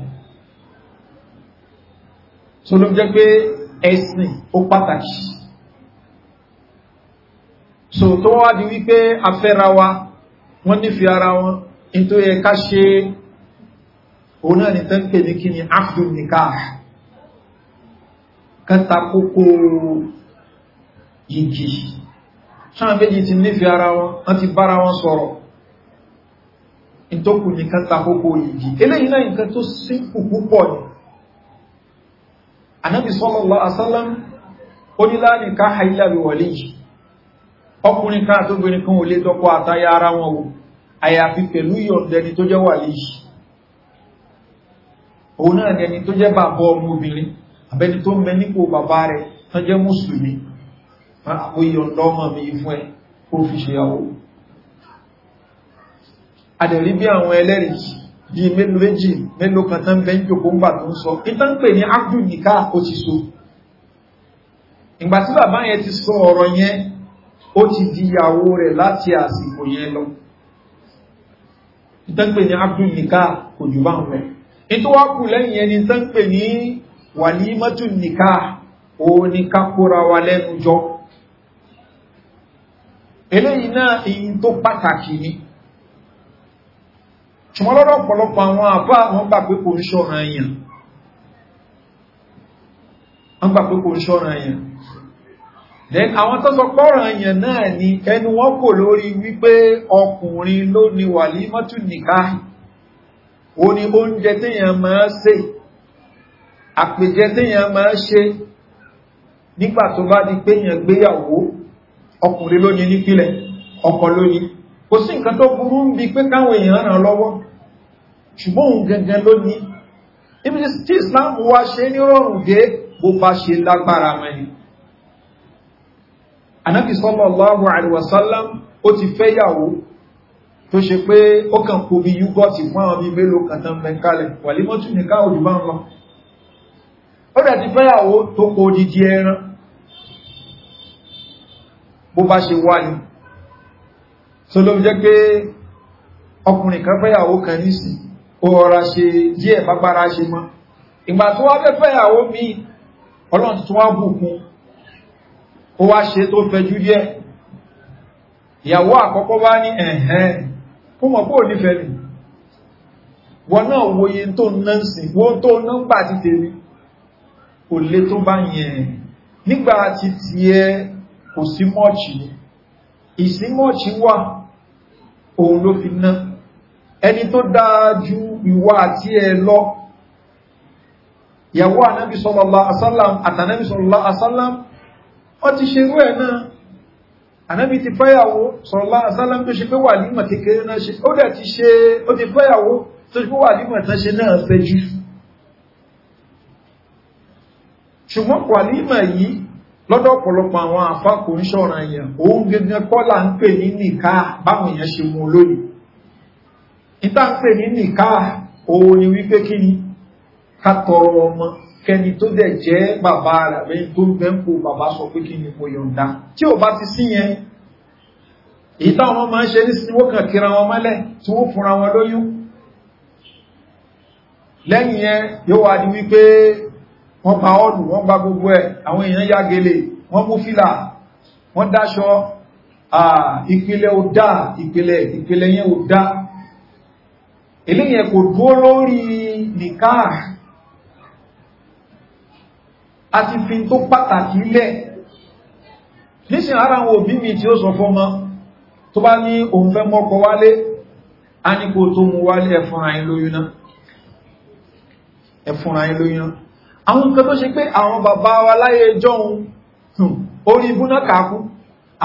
so ló jẹ́ pé ẹ̀sìn ó pàtàkì so tó wá di wípé afẹ́ra wa wọ́n nífẹ̀ẹ́ ara wọn nítorí ẹ̀ka ṣe òun náà ni tán pè ni afdul nikah kẹta kókó yìí sáà ara wọn ti bara wọn soro ìtọ́kù ní kẹta kókó yìí eléyìí náà nǹkan tó sínkù púpọ̀ ni anábi sallallahu alaihi wasallam onílá ní ká haílá bí wọlé yìí ọkùnrin ká tó gbẹni kan ò lè àtayá ara wọn wò àyàfi pẹ̀lú yọ̀ndẹni tó jẹ́ wà léyìí òun náà ni ẹni tó jẹ́ bàbá ọmọ obìnrin àbẹ́ni tó mẹ nípò bàbá rẹ̀ tán jẹ́ mùsùlùmí àpòyọ̀ ọmọ mi fún ẹ kó fi ṣèyàwó adẹ̀rí bí àwọn ẹlẹ́rìí bí mélòó méjì mélòó kan tán bẹ́ ń jòkó ńgbà tó ń sọ ìtàn bàbá yẹn ti sọ ọ̀rọ̀ yẹn ó ti di ìyàwó rẹ̀ láti àsìkò yẹn lọ ìtàn pè ní ágùn nìká kò jù ètò wá kù lẹ́yìn ẹni tán pè ní wàlímọ́tù nìka òun ni ká wa lẹ́nu jọ eléyìí náà èyí tó pàtàkì ni ṣùgbọ́n lọ́dọ̀ ọ̀pọ̀lọpọ̀ àwọn àbá àwọn gbà pé kò ń ṣọ́ran èèyàn wọ́n gbà pé kò ń ṣọ́ran èèyàn then àwọn tó sọ pọ́ran èèyàn náà ni ẹnu wọn kò lórí wípé ọkùnrin ló ni wàlímọ́tù nìka yìí ó ní oúnjẹ téèyàn máa ṣe àpèjẹ téèyàn máa ṣe nígbà tó bá di pé èèyàn gbéyàwó ọkùnrin lónìí nípìnlẹ̀ ọkọ lónìí kò sí nǹkan tó burú ń bi pé káwọn èèyàn ràn lọ́wọ́ ṣùgbọ́n òun gangan lónìí ibi tí Islam wá ṣe ní rọrùn dé bó bá ṣe lágbára mẹ́rin Ànábì sallallahu alaihi wasallam ó ti fẹ́yàwó tó ṣe pé ó kàn kó bí yúgọ́tì fún àwọn bíi mélòó kan tán mẹ́ kalẹ̀ wàlímọ́tù nìká òjò bá ń lọ ó dẹ̀ ti fẹ́yàwó tó kó odidi ẹran bó bá ṣe wá ní so ló jẹ́ pé ọkùnrin kan fẹ́yàwó kan nísìn ó rọra ṣe díẹ̀ bágbára ṣe mọ́ ìgbà tó wá fẹ́ fẹ́yàwó míì ọlọ́run tó wá bùkún ó wá ṣe tó fẹjú díẹ̀ ìyàwó àkọ́kọ́ bá ní ẹ̀hẹ́n kó mọ̀ pé ò nífẹ̀ẹ́ mi wọ́n náà wòye tó náà sí wọ́n tó náà gbà ti tèmi kò lè tó bá yẹn nígbà ti tiẹ̀ kò sí mọ́ọ̀chì ìsímọ́ọ̀chì wà òun ló fi ná ẹni tó dáa ju ìwà àti ẹ lọ ìyàwó ànábì sallallahu alaihi wasallam wọ́n ti ṣerú ẹ̀ náà ànábì ti fẹ́yàwó sallallahu alaihi wasallam tó ṣe pé wà límọ̀ kékeré náà ṣe ó dẹ̀ ti ṣe ó ti fẹ́yàwó tó ṣe pé wà límọ̀ tán ṣe náà fẹ́ jù ṣùgbọ́n wà límọ̀ yìí lọ́dọ̀ ọ̀pọ̀lọpọ̀ àwọn àfá ń ṣọ̀ràn èèyàn òun gẹ́gẹ́ kọ́là ń pè ní nìká báwọn èèyàn ṣe mú lónìí ìta ń pè ní nìká òun ni wípé kí ni ká tọrọ ọmọ kẹni tó dẹ̀ jẹ́ bàbá rẹ̀ rẹ̀ tó bẹ́ǹkò bàbá sọ pé kí ni kò yọ̀ǹda tí ò bá ti sí yẹn èyí táwọn ọmọ máa ń ṣe nísìnyí wọ́n kàn kíra wọn mọ́lẹ̀ tí wọ́n fúnra wọn lóyún lẹ́yìn yẹn yóò wá di wípé wọ́n pa ọ́nù wọ́n gba gbogbo ẹ̀ àwọn èèyàn ya gèlè wọ́n mú fìlà wọ́n dáṣọ ìpìlẹ̀ ò dá ìpìlẹ̀ ìpìlẹ̀ yẹn ò dá eléyẹn kò dúró lórí nìkáà àti fi tó pàtàkì lẹ̀ nísìn ara àwọn òbí mi tí ó sọ fọ́mọ tó bá ní òun fẹ́ mọ́kọ wálé a ní kò tó mú wálé ẹ̀fúnra ẹ̀ lóyún náà ẹ̀fúnra ẹ̀ lóyún náà àwọn nǹkan tó ṣe pé àwọn bàbá wa láyé jọun orí ibú náà kàákú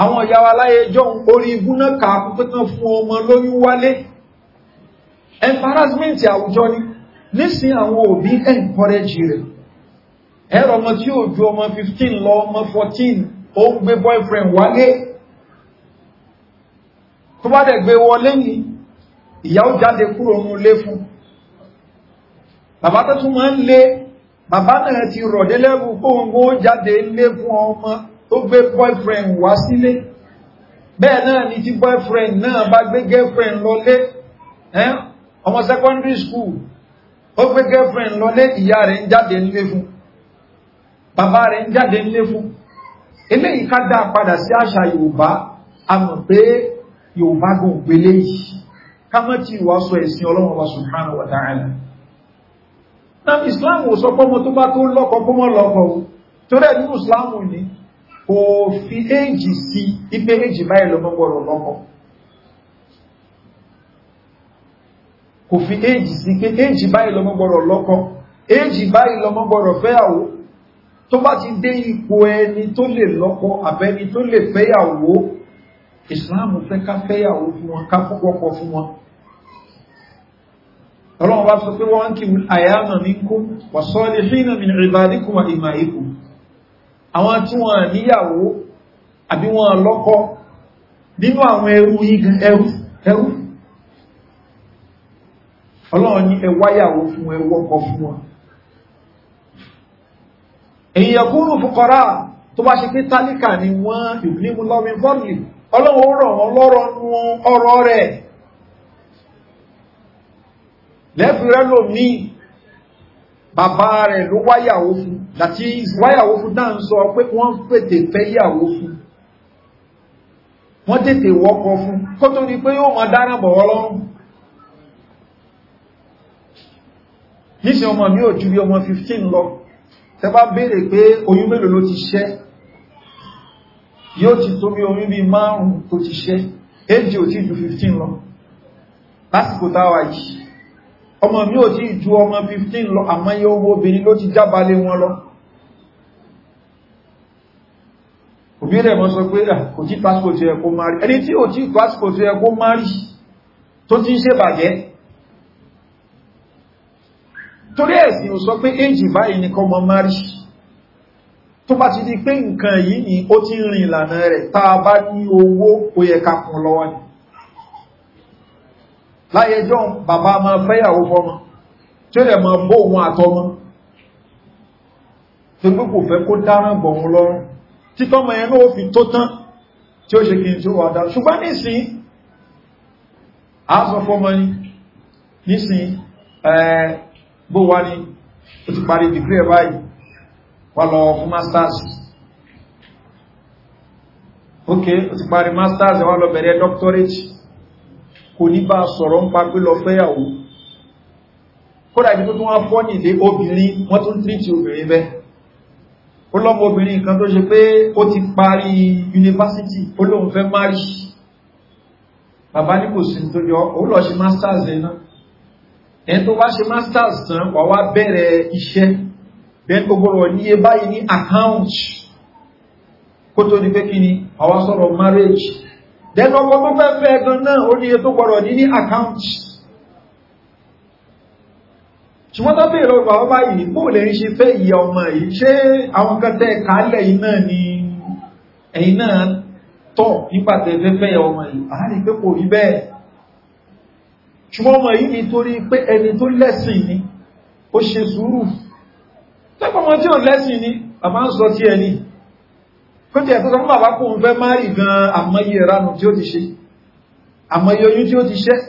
àwọn ìyá wa láyé jọun orí ibú náà kàákú pé tán fún ọmọ lóyún wálé embarrassment àwùjọ ni nísìn àwọn òbí encourage rẹ̀ ẹ̀rọ ọmọ tí ó ju ọmọ 15 lọ ọmọ 14 ó ń gbé boyfriend wálé tó bá dẹ̀ gbé wọlé yìí ìyàwó jáde kúrò ní ilé fún bàbá tó tún máa ń lé bàbá náà ti rọ̀dé lẹ́rù kóhùngbó jáde lé fún ọmọ tó gbé boyfriend wá sílé bẹ́ẹ̀ náà ni tí boyfriend náà bá gbé girlfriend lọlé ọmọ secondary school ó gbé girlfriend lọlé ìyá rẹ̀ ń jáde nílé fún bàbá rẹ̀ ń jáde nílé fún eléyìí ká dá padà sí àṣà yorùbá a mọ̀ pé yorùbá gùn gbélé ká mọ́ tí ìwà sọ ẹ̀sìn ọlọ́run wa subhanahu wa ta'ala náà islam ò sọ pọ́mọ tó bá tó lọ́kọ pọ́mọ lọ́kọ o tó rẹ̀ islam ni kò fi éèjì sí ipe éèjì báyìí lọ́mọ gbọ́dọ̀ lọ́kọ kò fi éèjì sí pé éèjì báyìí lọ́mọ gbọ́dọ̀ lọ́kọ éèjì báyìí lọ́mọ gbọ́dọ̀ fẹ́yàwó tó bá ti dé ipò ẹni tó lè lọ́kọ àbẹ́ni tó lè fẹ́yàwó ìsìláàmù fẹ́ ká fẹ́yàwó fún wọn ká púpọ̀pọ̀ fún wọn ọlọ́run bá sọ pé wọ́n kí àyàmà ní kó wà sọ́ọ́lẹ̀ fínà min ìbádíkù wà ìmà ikú àwọn tí wọ́n níyàwó àbí wọ́n lọ́kọ nínú àwọn ẹrú igan ẹrú ẹrú ọlọ́run ní ẹwáyàwó fún ẹwọ́kọ fún wọn èèyàn kúrú fúkọrá tó bá ṣe pé tálíkà ni wọ́n ìbílímù lọ́rin fọ́ọ̀lì ọlọ́run rọ̀ wọ́n lọ́rọ̀ nu ọ̀rọ̀ rẹ̀ lẹ́fìrẹ́ lòmíì bàbá rẹ̀ ló wáyàwó fún that wáyàwó fún náà ń sọ pé wọ́n pètè fẹ́ yàwó fún wọ́n tètè wọ́kọ fún kó tó di pé yóò máa dáná bọ̀ ọlọ́run níṣẹ́ ọmọ mi ò ju bí ọmọ 15 lọ tẹ bá béèrè pé oyún mélòó ló ti ṣẹ́ yóò ti tó bí oyún bí márùn-ún tó ti ṣẹ́ èjì ò tí ju 15 lọ lásìkò táwà yìí ọmọ mi ò tí ju ọmọ 15 lọ àmọ́ yẹ owó obìnrin ló ti jábalé wọn lọ òbí rẹ̀ mọ́ sọ pé ah, kò tí pásítọ̀ tí ẹ kó má ẹni tí ò tí pásítọ̀ tí ẹ kó má tó ti ń ṣe bàjẹ́ torí ẹ̀sìn ò sọ pé èjì báyìí ní kọmọ mari tó bá ti di pé nǹkan yìí ni ó ti rìn ìlànà rẹ̀ tá a bá ní owó ó yẹ ká kún lọ́wọ́ ni láyé jọ bàbá máa fẹ́yàwó fọmọ tí ó lè máa bó òun àtọmọ tó gbé kò fẹ́ kó dáràn bọ̀ lọ́rùn títọ́mọ ẹ̀ náà fi tó tán tí ó ṣe kí n tí ó wà dá ṣùgbọ́n nísìn àásọ fọmọ ni nísìn bó wá ní ó ti parí dìgírí ẹ̀ báyìí wà lọ fún masters ok ó ti parí masters wà lọ bẹ̀rẹ̀ doctorate kò ní bá sọ̀rọ̀ ń pa pé lọ fẹ́yàwó kódà ibi tó tún wá fọ́ nílé obìnrin wọ́n tún tríti obìnrin bẹ́ ó lọ́mọ obìnrin kan tó ṣe pé ó ti parí yunifásitì ó lóun fẹ́ márì bàbá ní kò sí tó ó lọ ṣe masters ẹ̀ náà ẹni tó bá ṣe masters tán wà wá bẹ̀rẹ̀ iṣẹ́ bẹ́ẹ̀ tó gbọ́rọ̀ ní iye báyìí ní account kó tó ní pé ni àwa sọ̀rọ̀ marriage then ọkọ tó fẹ́ fẹ́ gan náà ó ní iye tó gbọ́rọ̀ ní ní account ṣùgbọ́n tó bèèrè ọgbà wọ́n báyìí bó lè ń ṣe fẹ́ ìyá ọmọ yìí ṣé àwọn kan tẹ́ kálẹ̀ yìí náà ni ẹ̀yin náà tọ̀ nípa tẹ́ fẹ́ fẹ́ ìyá ọmọ yìí àárín pé kò rí bẹ́ẹ̀ ṣùgbọ́n ọmọ yìí nítorí pé ẹni tó lẹ́sìn ni ó ṣe sùúrù tẹ́pọ̀mọ́ tí ó lẹ́sìn ni a máa ń sọ tí ẹni kó tí ẹ̀tọ́ sọmọ́ bàbá kò ń fẹ́ má rí gan àmọ́yé ìranù tí ó ti ṣe àmọ́yé oyún tí ó ti ṣẹ́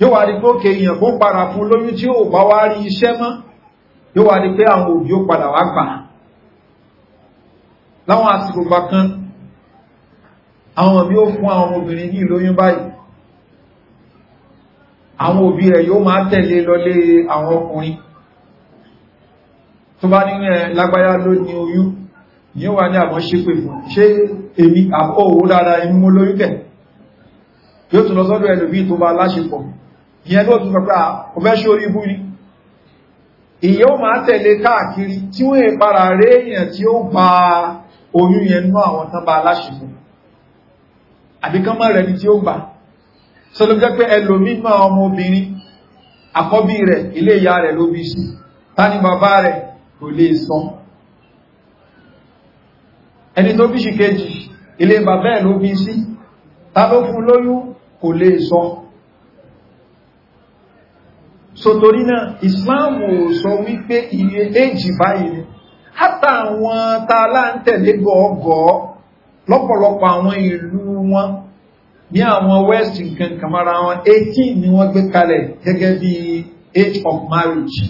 yóò wá rí pé ó kèèyàn kó para fún lóyún tí ó bá rí àwọn òbí rẹ̀ yóò máa tẹ̀lé lọlé àwọn ọkùnrin tó bá nínú ẹ eh, lágbáyá ló ní oyún ni ó wà ní àwọn ṣépè fún ṣé èmi àpòwò dára ẹmú mú lóyún tẹ̀ yóò tún lọ sọ́dọ̀ ẹlòmí tó bá láṣepọ̀ ìyẹn ló tún pẹ̀pẹ́ ọ̀fẹ́ ni ìyẹ́ ó máa tẹ̀lé káàkiri tí wọ́n ìpara rẹ̀ èèyàn tí so ló jẹ́ pé ẹlòmímọ̀ ọmọ obìnrin àkọ́bí rẹ̀ ilé ìyá rẹ̀ ló bí sí tání bàbá rẹ̀ kò lè sọ ẹni tó bí sí kejì ilé bàbá ẹ̀ ló bí sí tá ló fún lóyún kò lè sọ so náà Islam ò sọ wípé iye éjì báyìí látàwọn tààlà ń tẹ̀lé gọ́ọ̀gọ́ lọ́pọ̀lọpọ̀ àwọn ìlú wọn ní àwọn west nǹkan kàmára wọn 18 ni wọ́n gbé kalẹ̀ gẹ́gẹ́ bí age of marriage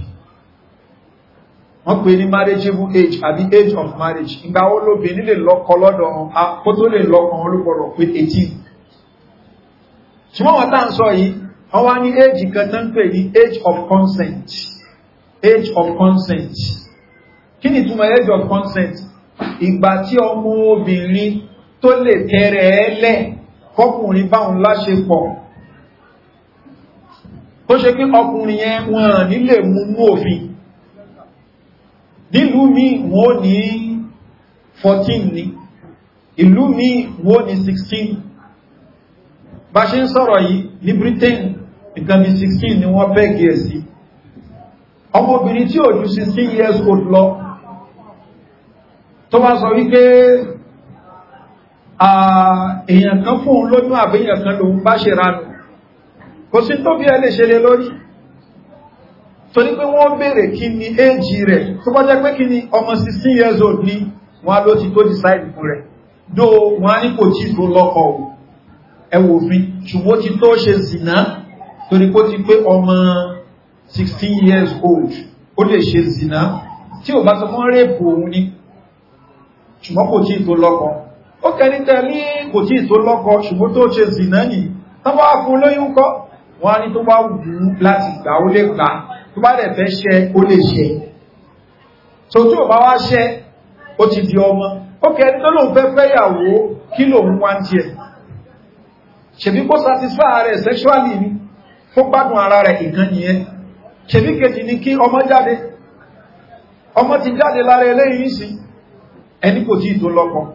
wọ́n pè ní marriageable age àbí age of marriage ìgbà wo lóbìnrin lè lọ́kọ lọ́dọ̀ kó tó lè lọ́kọ olúgbọ̀rọ̀ pé 18 ṣùgbọ́n wọ́n tá ń sọ yìí wọ́n wá ní age kan tán pè ní age of consent age of consent kí ni túmọ̀ age of consent ìgbà tí ọmọ obìnrin tó lè tẹ̀rẹ̀ ẹ́ lẹ́ẹ̀ kọkùnrin báhùn láṣepọ̀ tó ṣe pé ọkùnrin yẹn wọn nílè mú mú òfin nílùú mi wọ́n ní 14 ni ìlú mi wọ́n ní 16 bá ṣe ń sọ̀rọ̀ yìí ní Britain nǹkan bí 16 ni wọ́n bẹ́ẹ̀ gẹ̀ẹ́ sí ọmọbìnrin tí ò ju 16 years old lọ tó wá sọ wípé èèyàn kan fún un lóyún àbíyàn kan lòun bá ṣe ranù kò sí tó bí ẹ lè ṣe lè lórí torí pé wọ́n bèèrè kí ni éjì rẹ̀ tó bá jẹ́ pé kí ni ọmọ 16 years old ni wọ́n ló ti tó decide fún rẹ̀ dó wọ́n ní kò tí tó lọ́kọ̀ ẹwò òfin ṣùgbọ́n ti tó ṣe zìnà torí kó ti pé ọmọ 16 years old ó lè ṣe zìnà tí ò bá sọ fún rèpù òun ni ṣùgbọ́n kò tí tó lọ́kọ̀ọ́ ó kẹni tẹ́lí kò tí tó lọ́kọ ṣùgbọ́n tó ṣe zìnà ní tọ́bá fún lóyún kọ́ wọ́n ní tó bá wù ú láti gbà ó lè gbà tó bá dẹ̀ fẹ́ ṣẹ ó lè ṣẹ tó tí ò bá wá ṣẹ ó ti di ọmọ ó kẹni tó lóun fẹ́ fẹ́yàwó kí lòun wá ń tiẹ̀ ṣèbí kó satisfy rẹ̀ sexually ni kó gbádùn ara rẹ̀ ìkan nìyẹn ṣèbí kejì ni kí ọmọ jáde ọmọ ti jáde lára eléyìí sí ẹni kò tí ì tó lọ́kọ̀ọ́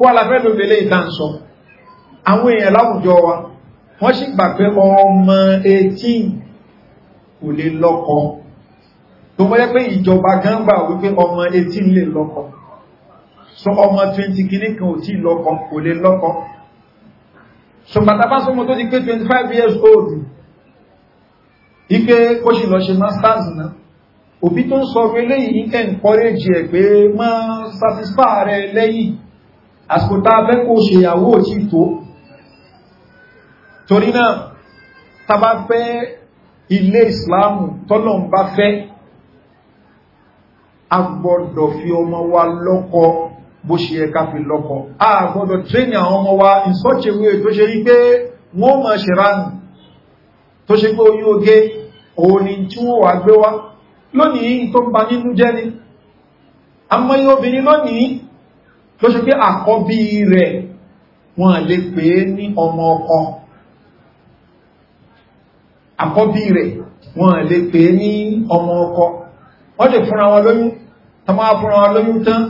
kó aláfẹ́ ló lélẹ́ ìdánsọ àwọn èèyàn láwùjọ wa wọ́n sì gbà pé ọmọ 18 kò lè lọ́kọ tó mọ́ jẹ́ pé ìjọba gan gbà wípé ọmọ 18 lè lọ́kọ so ọmọ 20 kìíní kan ò tí lọ́kọ kò lè lọ́kọ so bàtàbá sọmọ tó ti pé 25 years old ike kó sì lọ ṣe masters náà òbí tó ń sọ eléyìí ń encourage ẹ̀ pé máa satisfy rẹ̀ lẹ́yìn àsìkò tá a fẹ́ kó ṣe ìyàwó òtí tó torí náà tá bá fẹ́ ilé ìsìláàmù tọ́lọ̀ ń bá fẹ́ a fi ọmọ wa lọ́kọ bó ṣe yẹ ká fi lọ́kọ a gbọ́dọ̀ àwọn ọmọ wa in such a way tó ṣe rí pé wọ́n mọ̀ ṣe ránù tó ṣe pé oyún oge òun tí wọ́n wà gbé wá lónìí tó ń ba nínú jẹ́ ni àmọ́ yóò obìnrin lónìí tó ṣe pé àkọ́bí rẹ̀ wọ́n lè pè é ní ọmọ ọkọ àkọ́bí rẹ̀ wọ́n lè pè é ní ọmọ ọkọ wọ́n lè fúnra wọn lóyún tán máa fúnra wọn lóyún tán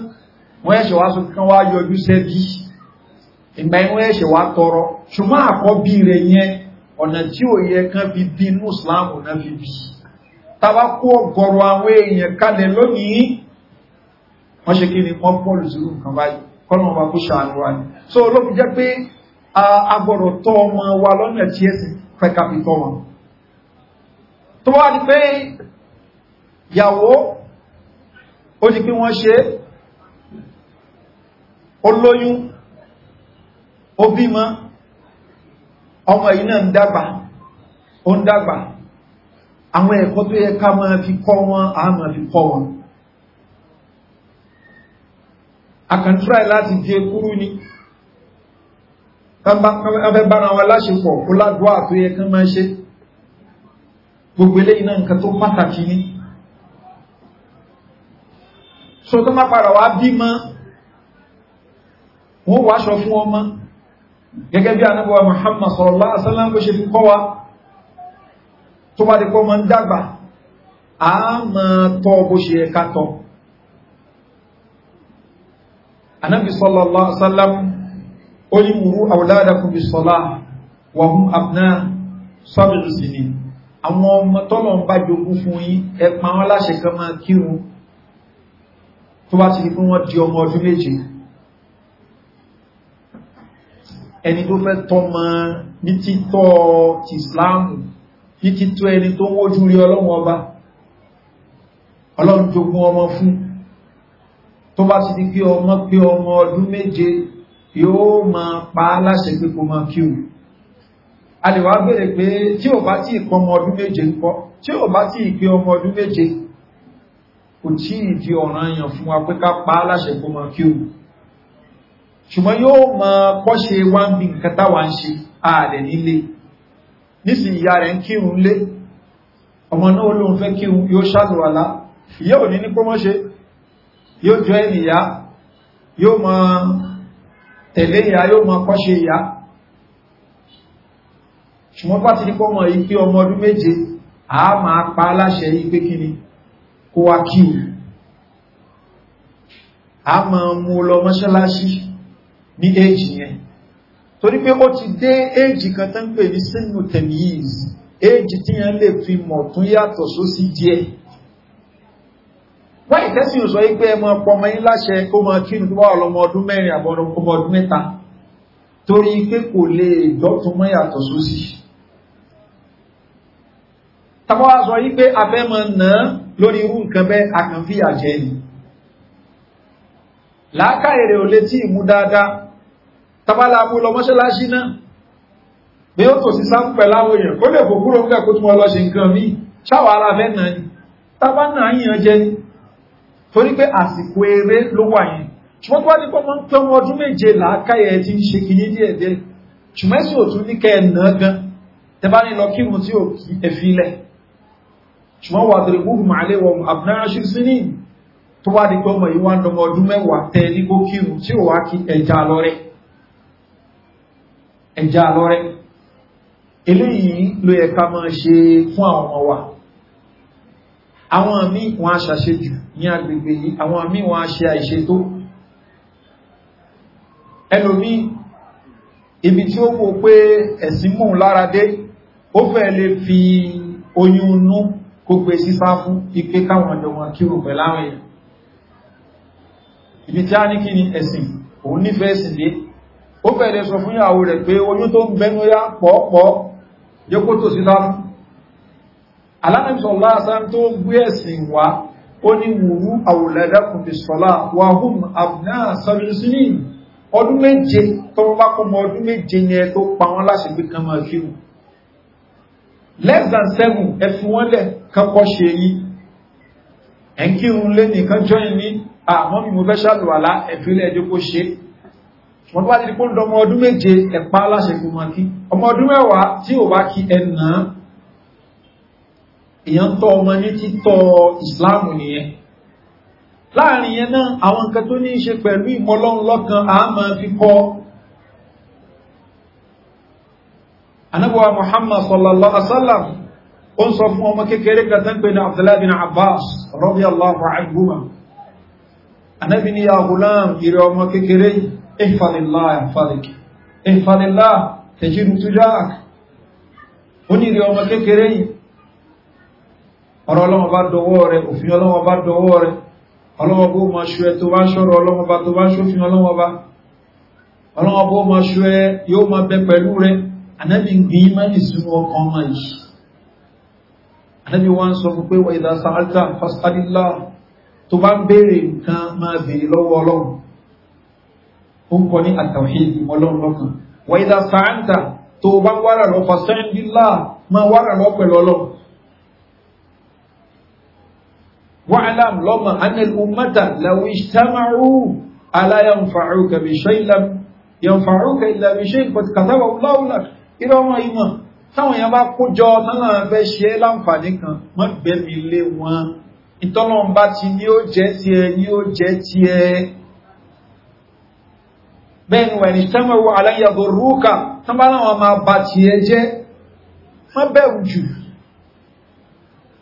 wọ́n ẹ̀ṣẹ̀ wá sọ kán wá yọjú sẹ́bí ìgbà ìwọ́n ẹ̀ṣẹ̀ wá tọrọ ṣùgbọ́n àkọ́bí rẹ̀ yẹn ọ̀nà tí ò yẹ kán fi bí inú islam náà fi bí tàbá ọgọrọ àwọn èèyàn kalẹ̀ lónìí wọ́n ṣe kí ni wọ́n pọ̀lù sírù nǹkan báyìí kọ́nà ọba kó ṣàánú wa ni so olóbi jẹ́ pé a gbọ́dọ̀ tọ́ ọmọ wa lọ́nà tí ẹ̀sìn fẹ́ ká fi tọ́ wọn tó wá di pé yàwó ó di pé wọ́n ṣe olóyún ó ọmọ yìí náà ń dàgbà ó ń dàgbà àwọn ẹ̀kọ́ tó yẹ ká máa fi kọ́ wọn a máa fi kọ́ wọn àkàntúrà láti di ekúrú ni afẹ́ bára wọn láṣepọ̀ kó ládùá tó yẹ kán máa ṣe gbogbo eléyìí náà nǹkan tó pàtàkì ni so tó má padà wá bímọ wọ́n wáṣọ fún ọmọ gẹ́gẹ́ bí anábọ̀wà Muhammad sallallahu alaihi wasallam kó ṣe fi kọ́ wa tó bá di kọ́ ọmọ ń dàgbà a tọ́ bó ṣe ẹ̀ka tọ́ anábi sallallahu alaihi wasallam ó ní wùrú awladakum bis salah wa hum abna sab'i sinin àwọn ọmọ tọ́lọ̀ ń bá jogún fún yín ẹ pa wọ́n láṣẹ kan máa kírun tó bá ti di pé wọ́n di ọmọ ọdún méje ẹni tó fẹ́ tọ́mọ ní títọ́ ti islamu ní títọ́ ẹni tó ń wójú rí ọlọ́run ọba ọlọ́run jogún ọmọ fún tó bá ti di pé ọmọ pé ọmọ ọdún méje yóò máa pa á láṣẹ pé kó máa kí o a lè wá béèrè pé tí ò bá tí ìpọ ọmọ ọdún méje ń kọ́ tí ò bá tí ìpé ọmọ ọdún méje kò tí ì di ọ̀ràn èèyàn fún wa pé ká pa á láṣẹ kó máa kí o ṣùgbọ́n yóò máa kọ́ṣe wá ń bí nǹkan táwa ń ṣe ààrẹ nílé nísìn rẹ̀ ń kírun lé ọmọ náà lóun fẹ́ kírun yóò ṣàlùwàlá ìyá ò ní ní yóò jọ ẹnìyà yóò mọ tẹ̀lé ìyá yóò mọ kọ́ṣe ìyá ṣùgbọ́n bá ti ní pọ́ mọ̀ yìí pé ọmọ ọdún méje a máa pa aláṣẹ yìí pé kí ni kó wá kí o a máa mú lọ mọ́ṣáláṣí ní éjì yẹn torí pé ó ti dé éjì kan tán pè ní sínú tẹ̀míyìí éjì tí yẹn lè fi mọ̀ tún yàtọ̀ sósì díẹ̀ wọ́n ìtẹ́sí ìsọ ipé ẹmọ ọpọmọ yí láṣẹ kó mọ kí n tó wà lọmọ ọdún mẹ́rin àbọ̀dọ̀ ọmọ ọdún mẹ́ta torí pé kò lè dọ́tún mọ́ yàtọ̀ sósì tàbọ́wà sọ yí pé abẹ́mọ̀ náà lórí irú nǹkan bẹ́ àkànfíyà jẹ́ ni láàká èrè ò lè tí ìmú dáadáa tàbálà mú lọ mọ́ṣáláṣí náà bí ó tòsí sáńpẹ̀ láwọn kó lè fòkúrò ń torí pé àsìkò eré ló wà yẹn ṣùgbọ́n tó wá ní pọ́ mọ́ ń pẹ́ wọn ọdún méje làákàyẹ ti ń ṣe kìíní díẹ̀ díẹ̀ ṣùgbọ́n ẹ̀sìn òtún ní kẹ́ ẹ̀ nà gan tẹ́bá ní lọ kírun tí ò kí ẹ fi lẹ̀ ṣùgbọ́n wà bèrè wúhù máa lé wọn àbúnára ṣe sí ní tó wá di pé ọmọ yìí wá ń lọmọ ọdún mẹ́wàá tẹ́ ní kó kírun tí ò wá kí ẹja lọ́rẹ́ ẹja lọ́rẹ́ eléyìí ló yẹ ká máa ṣe fún àwọn ọmọ wa àwọn míì wọn á ṣàṣejù ní agbègbè yìí àwọn àmì wọn a ṣe àìṣe tó ẹlòmí ibi tí ó kò pé ẹ̀sìn mú lára ó fẹ́ lè fi oyún inú kó pé sísá fún ipé káwọn ọ̀dọ̀ wọn kírò pẹ̀láwọn èèyàn ibi tí a ní kí ni ẹ̀sìn òun nífẹ̀ẹ́ ẹ̀sìn dé ó fẹ́ lè sọ fún ìyàwó rẹ̀ pé oyún tó ń bẹnu yá pọ̀ọ̀pọ̀ yóò kó tó sísá fún alánàbìsọ̀lá sáà tó gbé ẹ̀sìn wá ó ní wùrú àwòlẹ́dẹ́kùn fi sọ́lá wà hùn àbúná sọ́rọ̀síní ọdún méje tó bá kọ́ mọ ọdún méje ni ẹ tó pa wọ́n láti gbé kan máa fíhùn less than seven ẹ fi wọ́n lẹ̀ kankọ́ ṣe yí ẹ̀ ń kírun lé nìkan jọyìn ní àwọn mi mo fẹ́ ṣàlùwàlá ẹ̀fílẹ̀ ẹjọ́ kó ṣe wọ́n bá ti di pé ọdún méje ẹ̀pá láṣẹ fún wọn kí ọmọ ọdún mẹ́wàá tí ò èyàn tọ́ ọmọ ní títọ́ ìsìláàmù nìyẹn láàrin yẹn náà àwọn nǹkan tó ní í ṣe pẹ̀lú ìmọ̀lọ́run lọ́kan a máa fi kọ́ anábọ̀wá muhammad sallallahu alaihi wasallam ó ń sọ fún ọmọ kékeré kan tán pé ní abdullahi bin abbas radiyallahu anhuma anábì ní ya gulam ìrẹ ọmọ kékeré ihfadillah yahfadik ihfadillah ó ní ìrẹ ọmọ kékeré yìí ọ̀rọ̀ ọlọ́wọ́ bá dọwọ́ rẹ̀ òfin ọlọ́wọ́ bá dọwọ́ rẹ̀ ọlọ́wọ́ bó ma ṣú ẹ tó bá ṣọ́rọ̀ ọlọ́wọ́ bá tó bá ṣófin ọlọ́wọ́ bá ọlọ́wọ́ bó ma ṣú ẹ yóò ma bẹ pẹ̀lú rẹ̀ anábì gbìn má ní sínú ọkàn ma yìí anábì wọ́n sọ pé wà ìdá sàájá fásitálílá tó bá ń béèrè nǹkan máa béèrè lọ́wọ́ ọlọ́run ó ń kọ ní àtàwíìdì ọlọ́run lọ́kàn wà wa'lam lọ́mọ anil ummata law ijtama'u ala yanfa'uka bi shay'in lam yanfa'uka illa bi shay'in qad katabahu Allahu lak irọ́ wọn yìí mọ̀ táwọn èèyàn bá kójọ tánà fẹ́ ṣe é láǹfààní kan mọ́ gbẹ̀mí lé wọn ìtọ́lọ́n ti ní ó jẹ́ ti ẹ ní ó jẹ́ ti ẹ bẹ́ẹ̀ ni wẹ̀ni sẹ́mọ̀wọ́ aláyàbò rúkà tán bá láwọn máa bá ti ẹ jẹ́ mọ́ bẹ̀rù jù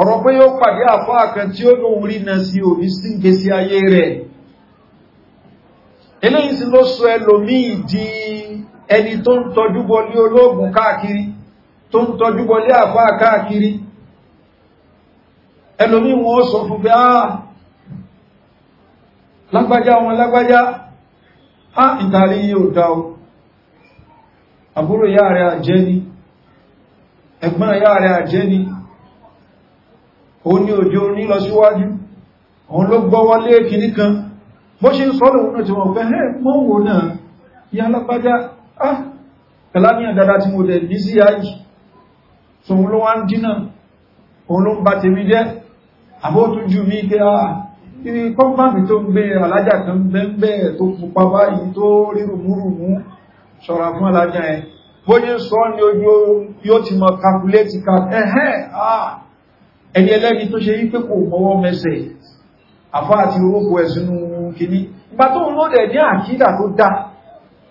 ọ̀rọ̀ pé yóò pàdé àfáà kan tí ó lóun rí na sí òní sí ìgbésí ayé rẹ̀ eléyìí sí ló sọ ẹlòmíì di ẹni tó ń tọ́jú bọlé ológun káàkiri tó ń tọ́jú bọlé àfáà káàkiri ẹlòmíì wọn sọ fún pé áà ah, lágbájá wọn lágbájá á ah, ìtàrí yóò dá o àbúrò yáà rẹ̀ ni ẹ̀gbọ́n yáà rẹ̀ ni ó ní òjò ní lọ síwájú òun ló gbọ́wọ́ lé kìní kan bó ṣe ń sọ́lọ̀ òun tí wọ́n fẹ́ mọ́ wò náà yá lápájá ah kàlámíà dada tí mo dẹ̀ ní sí ayì so òun ló wá ń dínà òun ló ń ba tèmi jẹ́ àbótún ju mi pé ah ibi kọ́mpáàmì tó ń gbé alájà kan bẹ́ẹ̀ tó pupa báyìí tó rí rùmúrùmú ṣọ̀ra fún alájà ẹ̀ bó ṣe ń sọ́ ní ojú yóò ti mọ kakuléètì kan ẹ̀hẹ́ ah ẹni ẹlẹ́ni tó ṣe wípé kò fọwọ́ mẹ́sẹ̀ àfá àti orógbò ẹ̀sìnú kìíní ìgbà tó ń lóòdẹ̀ ní àkídà tó dá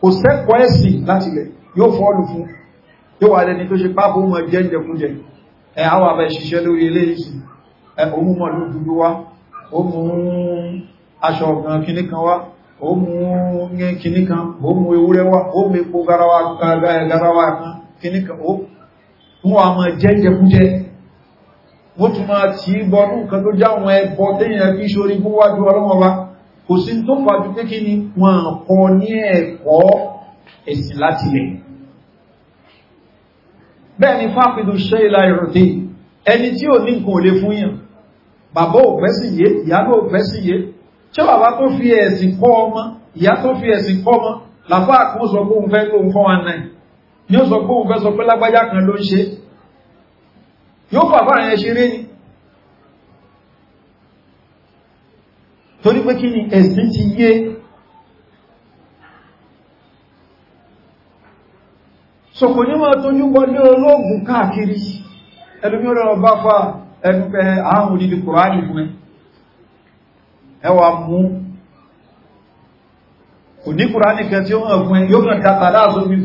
kò sẹ́kọ̀ọ́ ẹ̀sìn láti lẹ̀ yóò fọ́ọ̀lù fún yóò wà lẹ́ni tó ṣe pápó mọ̀ jẹ́jẹkújẹ ẹ̀ àwọn àbẹ̀ ìṣiṣẹ́ lórí eléyìí ẹ̀ òun mọ̀ ló wọ́n tún máa tí bọnú nǹkan tó jáwọn ẹbọ téèyàn fi ṣorí fún wájú ọlọ́wọ́n kò sí tó fàájú pé kí ni wọ́n kọ ní ẹ̀kọ́ ẹ̀sìn láti lẹ̀ bẹ́ẹ̀ ni fáfidù ṣe ìlà ìrọ̀dé ẹni tí ò ní nǹkan ò lè fún yàn bàbá ò fẹ́ sí yé ìyá ló fẹ́ sí yé tí bàbá tó fi ẹ̀sìn kọ́ ọmọ ìyá tó fi ẹ̀sìn kọ́ ọmọ làfáà kan sọ pé òun fẹ́ lóun fọ́ wa náà ni ó sọ pé òun fẹ́ sọ pé lágbájá kan ló ń ṣe yóò fà fà rẹ̀ ṣeré ni torí pé kí ni ẹ̀sìn ti yé sọ̀kò ní wọ́n tó yúgbọ́ lé olóògùn káàkiri ẹlùmí olóòrùn bá fà ẹgbẹ́ ààrùn níbi kòránì fún ẹ ẹwà mú kò ní kẹ tí ó hàn fún ẹ yóò kàn kàtàlá àzómi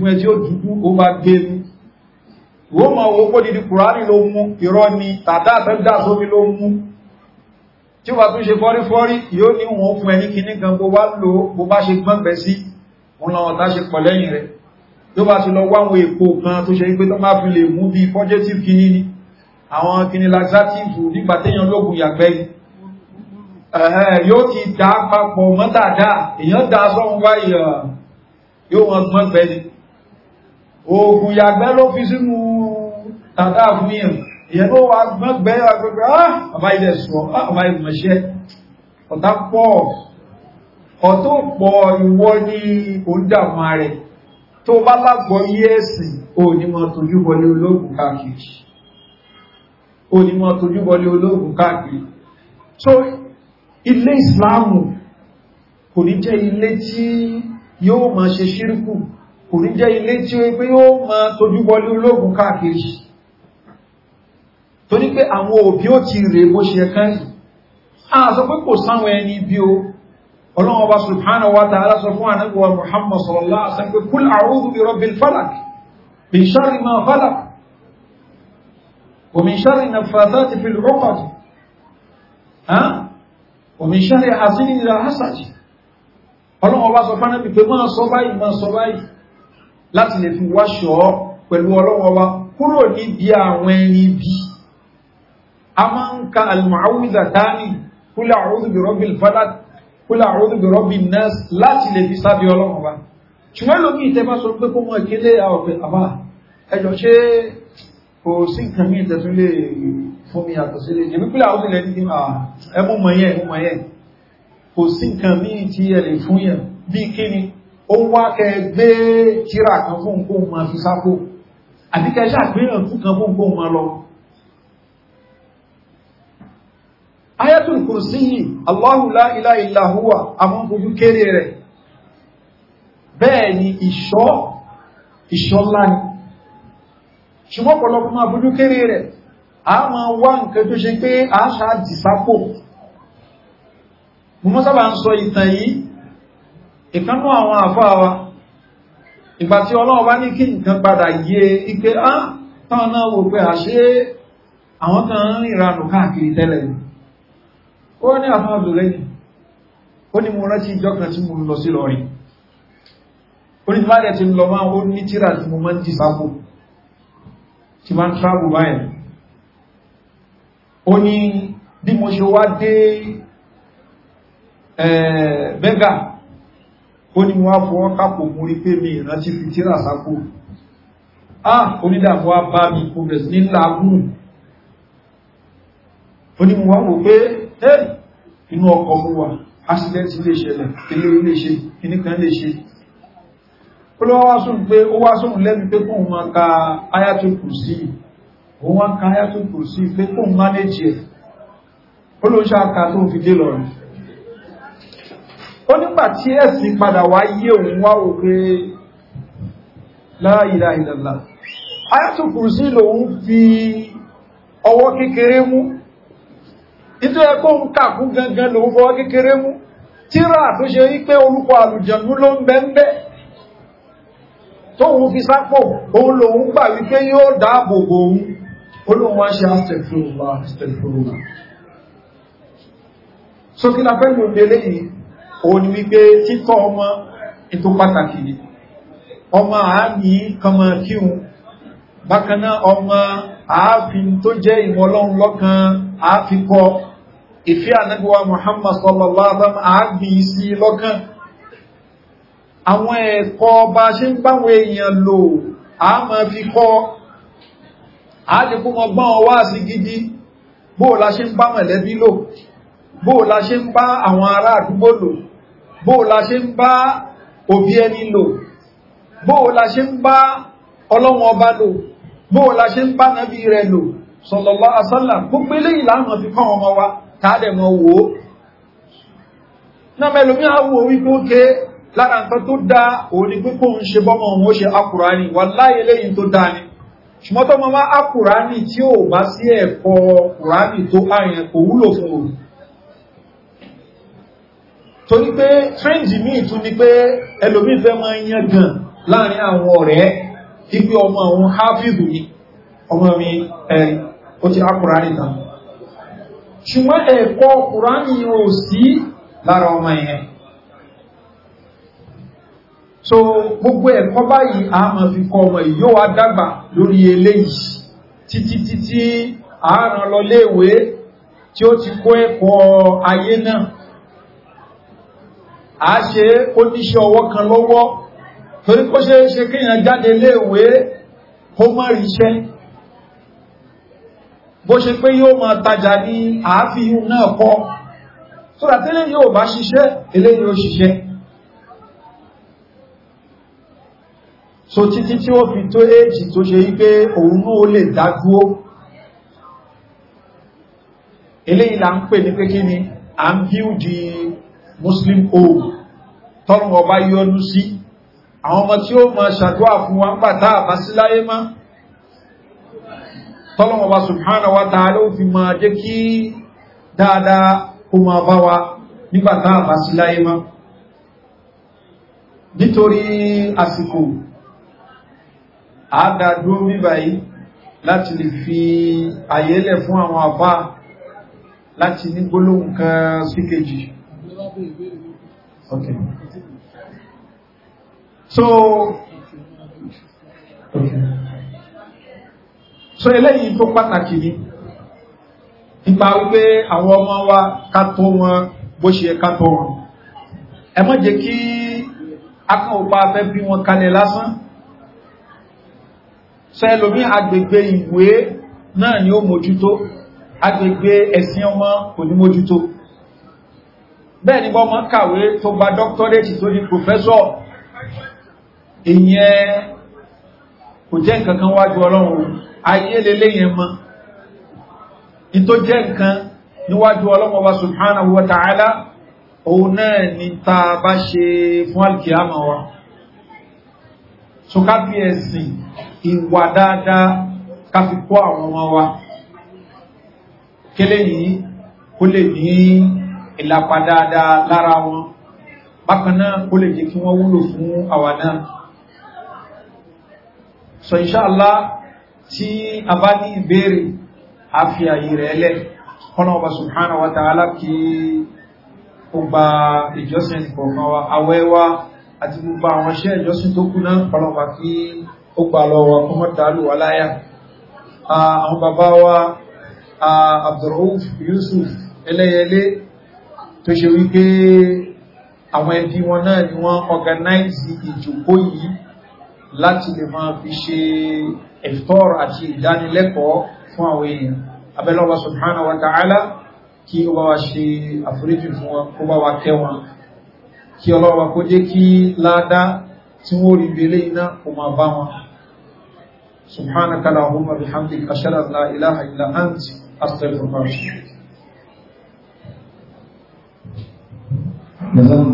wọ́n ma wo pọ́ didi kùránì ló mú ìrọ́ ni tàdá àtẹ́dá sómi ló mú tí ó bá tún ṣe fọ́rífọ́rí yóò ní wọn fún ẹni kìíní gan bó wá lò bó bá ṣe gbọ́nbẹ̀ sí wọn làwọn tá ṣe pọ̀ lẹ́yìn rẹ̀ tó bá ti lọ wáwọn èpo kan tó ṣe pé oògùn ìyàgbẹ́ ló fi sínú tàdá àfúnyàn ìyẹn ló wà gbọ́gbẹ́ agbègbè ah! àbá ilẹ̀ sọ ah! àbá ìmọ̀ṣẹ́ ọ̀tá pọ̀ ọ̀tọ́ pọ̀ ìwọ ní òǹdàmà rẹ̀ tó bá lágbọ́ yé ẹ̀sìn onímọ̀ tójú wọlé olóògùn káàkiri onímọ̀ tójú wọlé olóògùn káàkiri so ilé ìsìláàmù kò ní jẹ́ ilé tí kò ní jẹ́ ilé tí ó pé yóò ma tójú bọlé ológun káàkiri tó ní pé àwọn òbí ó ti rè bó ṣe ẹ̀kan rí a sọ pé kò sáwọn ẹni bí o ọlọ́wọ́ bá subhanahu wa ta'ala sọ fún anábíwa muhammad sallallahu alaihi pé kúl a'udhu bi rabbil falak min sharri ma falak ọlọ́wọ́ bá sọ fún pé máa sọ báyìí máa sọ báyìí láti lè fi wáṣọ́ pẹ̀lú ọlọ́wọ́ wa kúrò níbi àwọn ẹni bí a máa ń ka almuawiza tani kúlẹ̀ àwọ́dù bí rọ́bì falak kúlẹ̀ àwọ́dù bí rọ́bì nurse láti lè fi sábẹ́ ọlọ́wọ́ wa ṣùgbọ́n lómi ìtẹ́bá sọ pé kó mọ̀ ìkélé àwọn àbá ẹjọ́ ṣe kò sí nǹkan mí ìtẹ́tún lè fún mi àtọ̀ sí lè jẹ́bí pílà àwọn ilẹ̀ ní ẹmú mọ̀ yẹn kò sí nǹkan mí tí ẹ lè fún yẹn bí kíni ó wá kẹ gbé tíra kan fún kó ma fi sápò àti kẹ ṣàgbéyàn fún kan fún kó ma lọ ayatul kùrsí yìí Allahu la ilaha illa huwa àwọn fojú kéré rẹ̀ bẹ́ẹ̀ ni ìṣọ́ ìṣọ́ ńlá ni ṣùgbọ́n máa fojú kéré rẹ̀ a máa wá nǹkan tó ṣe pé a ṣáà dìsápò mo mọ́ sábà ń sọ ìtàn yìí ìkánú àwọn àfáà wa ìgbà tí ọlọ́wọ́ bá ní kí nǹkan padà yé ipé á táwọn náà wò pé àṣé àwọn kan ń ìranù káàkiri tẹ́lẹ̀ ó ní àfáà Abdullahi ó ní mo rántí ìjọ kan tí mo lọ sí lọrin ó ní má ti lọ máa ó ní tíra tí mo máa ń dìsáàbò tí máa ń travel báyìí ó ní bí mo ṣe wá dé ẹ̀ẹ́dẹ́gà eh, ó ní wọ́n fọwọ́ kápò mú rí pé mi ìrántí fi tíra sápò ah onídàmú wá bá mi kò bẹ̀rẹ̀ ní làágùn ó ní wọ́n wò pé ẹ́ inú ọkọ̀ mú wa accident lè ṣẹlẹ̀ ilé lè ṣe kìnnìkan lè ṣe ó lọ́wọ́ wá sóhun pé ó wá sóhun lẹ́nu pé kóhun máa ka ayatul kursi ó wá ka ayatul kursi pé kóhun manage ẹ̀ ó ló ń ṣáka tó fi dé lọ́rùn ó nígbà tí ẹ̀sìn padà wá yé òun wá òkè la ilaha illallah ayatul kursi lòun fi ọwọ́ kékeré mú ìtò ẹ̀kọ́ ń kàkún gangan lòun fọwọ́ kékeré mú tíra tó ṣe wípé orúkọ àlùjànnú ló ń bẹ́ńbẹ́ tóun fi sápò òun lòun gbà wípé yóò dáàbò òun olóhun wá ṣe astagfirullah so kí la fẹ́ lòdì eléyìí òun ni wípé títọ́ ọmọ ètò pàtàkì ni ọmọ àámi kọmọ kíhun bákaná ọmọ àáfin tó jẹ́ ìmọ̀lọ́un lọ́kan àáfikọ́ ìfẹ́ ànábíwá Muhammad sallallahu alaihi wasallam àágbì sí lọ́kan àwọn ẹ̀kọ́ bá ṣe ń báwọn èèyàn lò àmọ́ fi kọ́ àádìkúmọ̀ gbọ́n wá sí gidi bóò la ṣe ń bá mọ̀lẹ́bí lò bóò ṣe ń bá àwọn ará àdúgbò lò bóò la ṣe ń bá òbí ẹni lò bóò la ṣe ń bá ọlọ́wọ́n ọba lò bóò la ṣe ń bá nábì rẹ̀ lò sọ̀lọ̀lọ́ asọ́là gbogbo eléyìí láàrín fi kọ́ ọmọ wa tààdẹ̀mọ̀ wò ó náà mẹ́lòmí àwọ̀ wípé ó ké lára nǹkan tó dá òun ni pípò ń ṣe bọ́mọ òun ó ṣe akùránì wà láyé lẹ́yìn tó dá ni ṣùgbọ́n tó mọ́ akùránì tí ó bá sí ẹ̀kọ́ kùránì tó àyàn kò wúlò fún òun torí pé trẹ́ǹdì míì tún ni pé ẹlòmíì fẹ́ máa ń yán gan láàrin àwọn ọ̀rẹ́ ipe ọmọ àwọn hafizu ni ọmọ mi ẹ̀rí ó ti akùránì tán ṣùgbọ́n ẹ̀kọ́ kùránì ò sí lára ọmọ yẹn so gbogbo ẹ̀kọ́ báyìí a máa fi kọ́ ọmọ yìí yóò wá dàgbà lórí eléyìí títí títí àárán lọ léèwé tí ó ti kó ẹ̀kọ́ ayé náà a ṣe kó níṣẹ́ ọwọ́ kan lọ́wọ́ torí kó ṣe é ṣe kíyàn jáde léèwé kó mọ́ ríṣẹ́ bó ṣe pé yóò máa tajà ní àáfíhù náà kọ́ sọ́dà tẹ́lẹ̀ yóò bá ṣiṣẹ́ eléyìí ó ṣiṣẹ́ so títí tí ó fi tó éjì tó ṣe wípé òun náà ó lè dá dúó là ń pè ní pé kí ni à ń bíúdi muslim home tọ́rùn ọba yọnu sí àwọn ọmọ tí ó ma ṣàdúwà fún wa ń bàtà àbásíláyé má tọ́rùn ọba subhanahu wa ta'ala ó fi máa jẹ́ kí dáadáa kó máa bá wa nígbàtà àbásíláyé má nítorí àsìkò àádádúró bíbáyìí láti lè fi àyẹ́lẹ̀ fún àwọn àbá láti ní gbólóhùn kan síkejì. Si Okay. So, okay. so eléyìí tó pàtàkì ni nípa wípé àwọn ọmọ wa ká tó wọn bó ṣe ká tó wọn. Ẹ má jẹ́ kí akọ̀ọ̀pá fẹ́ bí wọn kalẹ̀ lásán. Sọ ẹlòmí agbègbè ìwé náà ni ó mójútó, agbègbè ẹ̀sìn ọmọ kò ní mójútó bẹ́ẹ̀ ni bọ́mọ kàwé tó gba doctorate tó di professor ìyẹn kò jẹ́ nǹkan kan wájú ọlọ́run ayé lélé yẹn mọ́ ní jẹ́ nǹkan níwájú ọlọ́run ọba subhanahu wa ta'ala òun náà ni ta bá ṣe fún alkiyama wa so ká fi ẹ̀sìn ìwà dáadáa ká fi kọ́ àwọn ọmọ wa kélé yìí kó lè ní ìlàpá dáadáa lára wọn bákanáà ó lè jẹ́ kí wọ́n wúlò fún àwa náà so inṣáàlá tí a bá ní ìbéèrè a fi àyè rẹ̀ ẹlẹ́ kọ́nà ọba subhanahu wa ta'ala kí ó gba ìjọsìn kọ̀ọ̀kan wa awẹ́ wa àti gbogbo àwọn iṣẹ́ ìjọsìn tó kú náà kọ́nà kí ó gbà lọ wa kọ́mọ́ dàálù wa ah, àwọn bàbá wa ah, Abdulrauf Yusuf ẹlẹ́yẹlé tó ṣe wípé àwọn ẹbí wọn náà ni wọ́n ọ̀gánáìzì ìjòkó yìí láti lè máa fi ṣe ẹ̀tọ́ àti ìdánilẹ́kọ̀ọ́ fún àwọn èèyàn abẹ́lọ́wà subhanahu wa ta'ala kí ó bá wa ṣe àforíjì fún wọn kó bá wa kẹ́ wọn kí ọlọ́wà kó jẹ́ kí ládá tí wọ́n rí belé iná kó máa bá wọn subhanaka lahumma bihamdika ashhadu an la ilaha illa anta astaghfiruka wa atubu نظم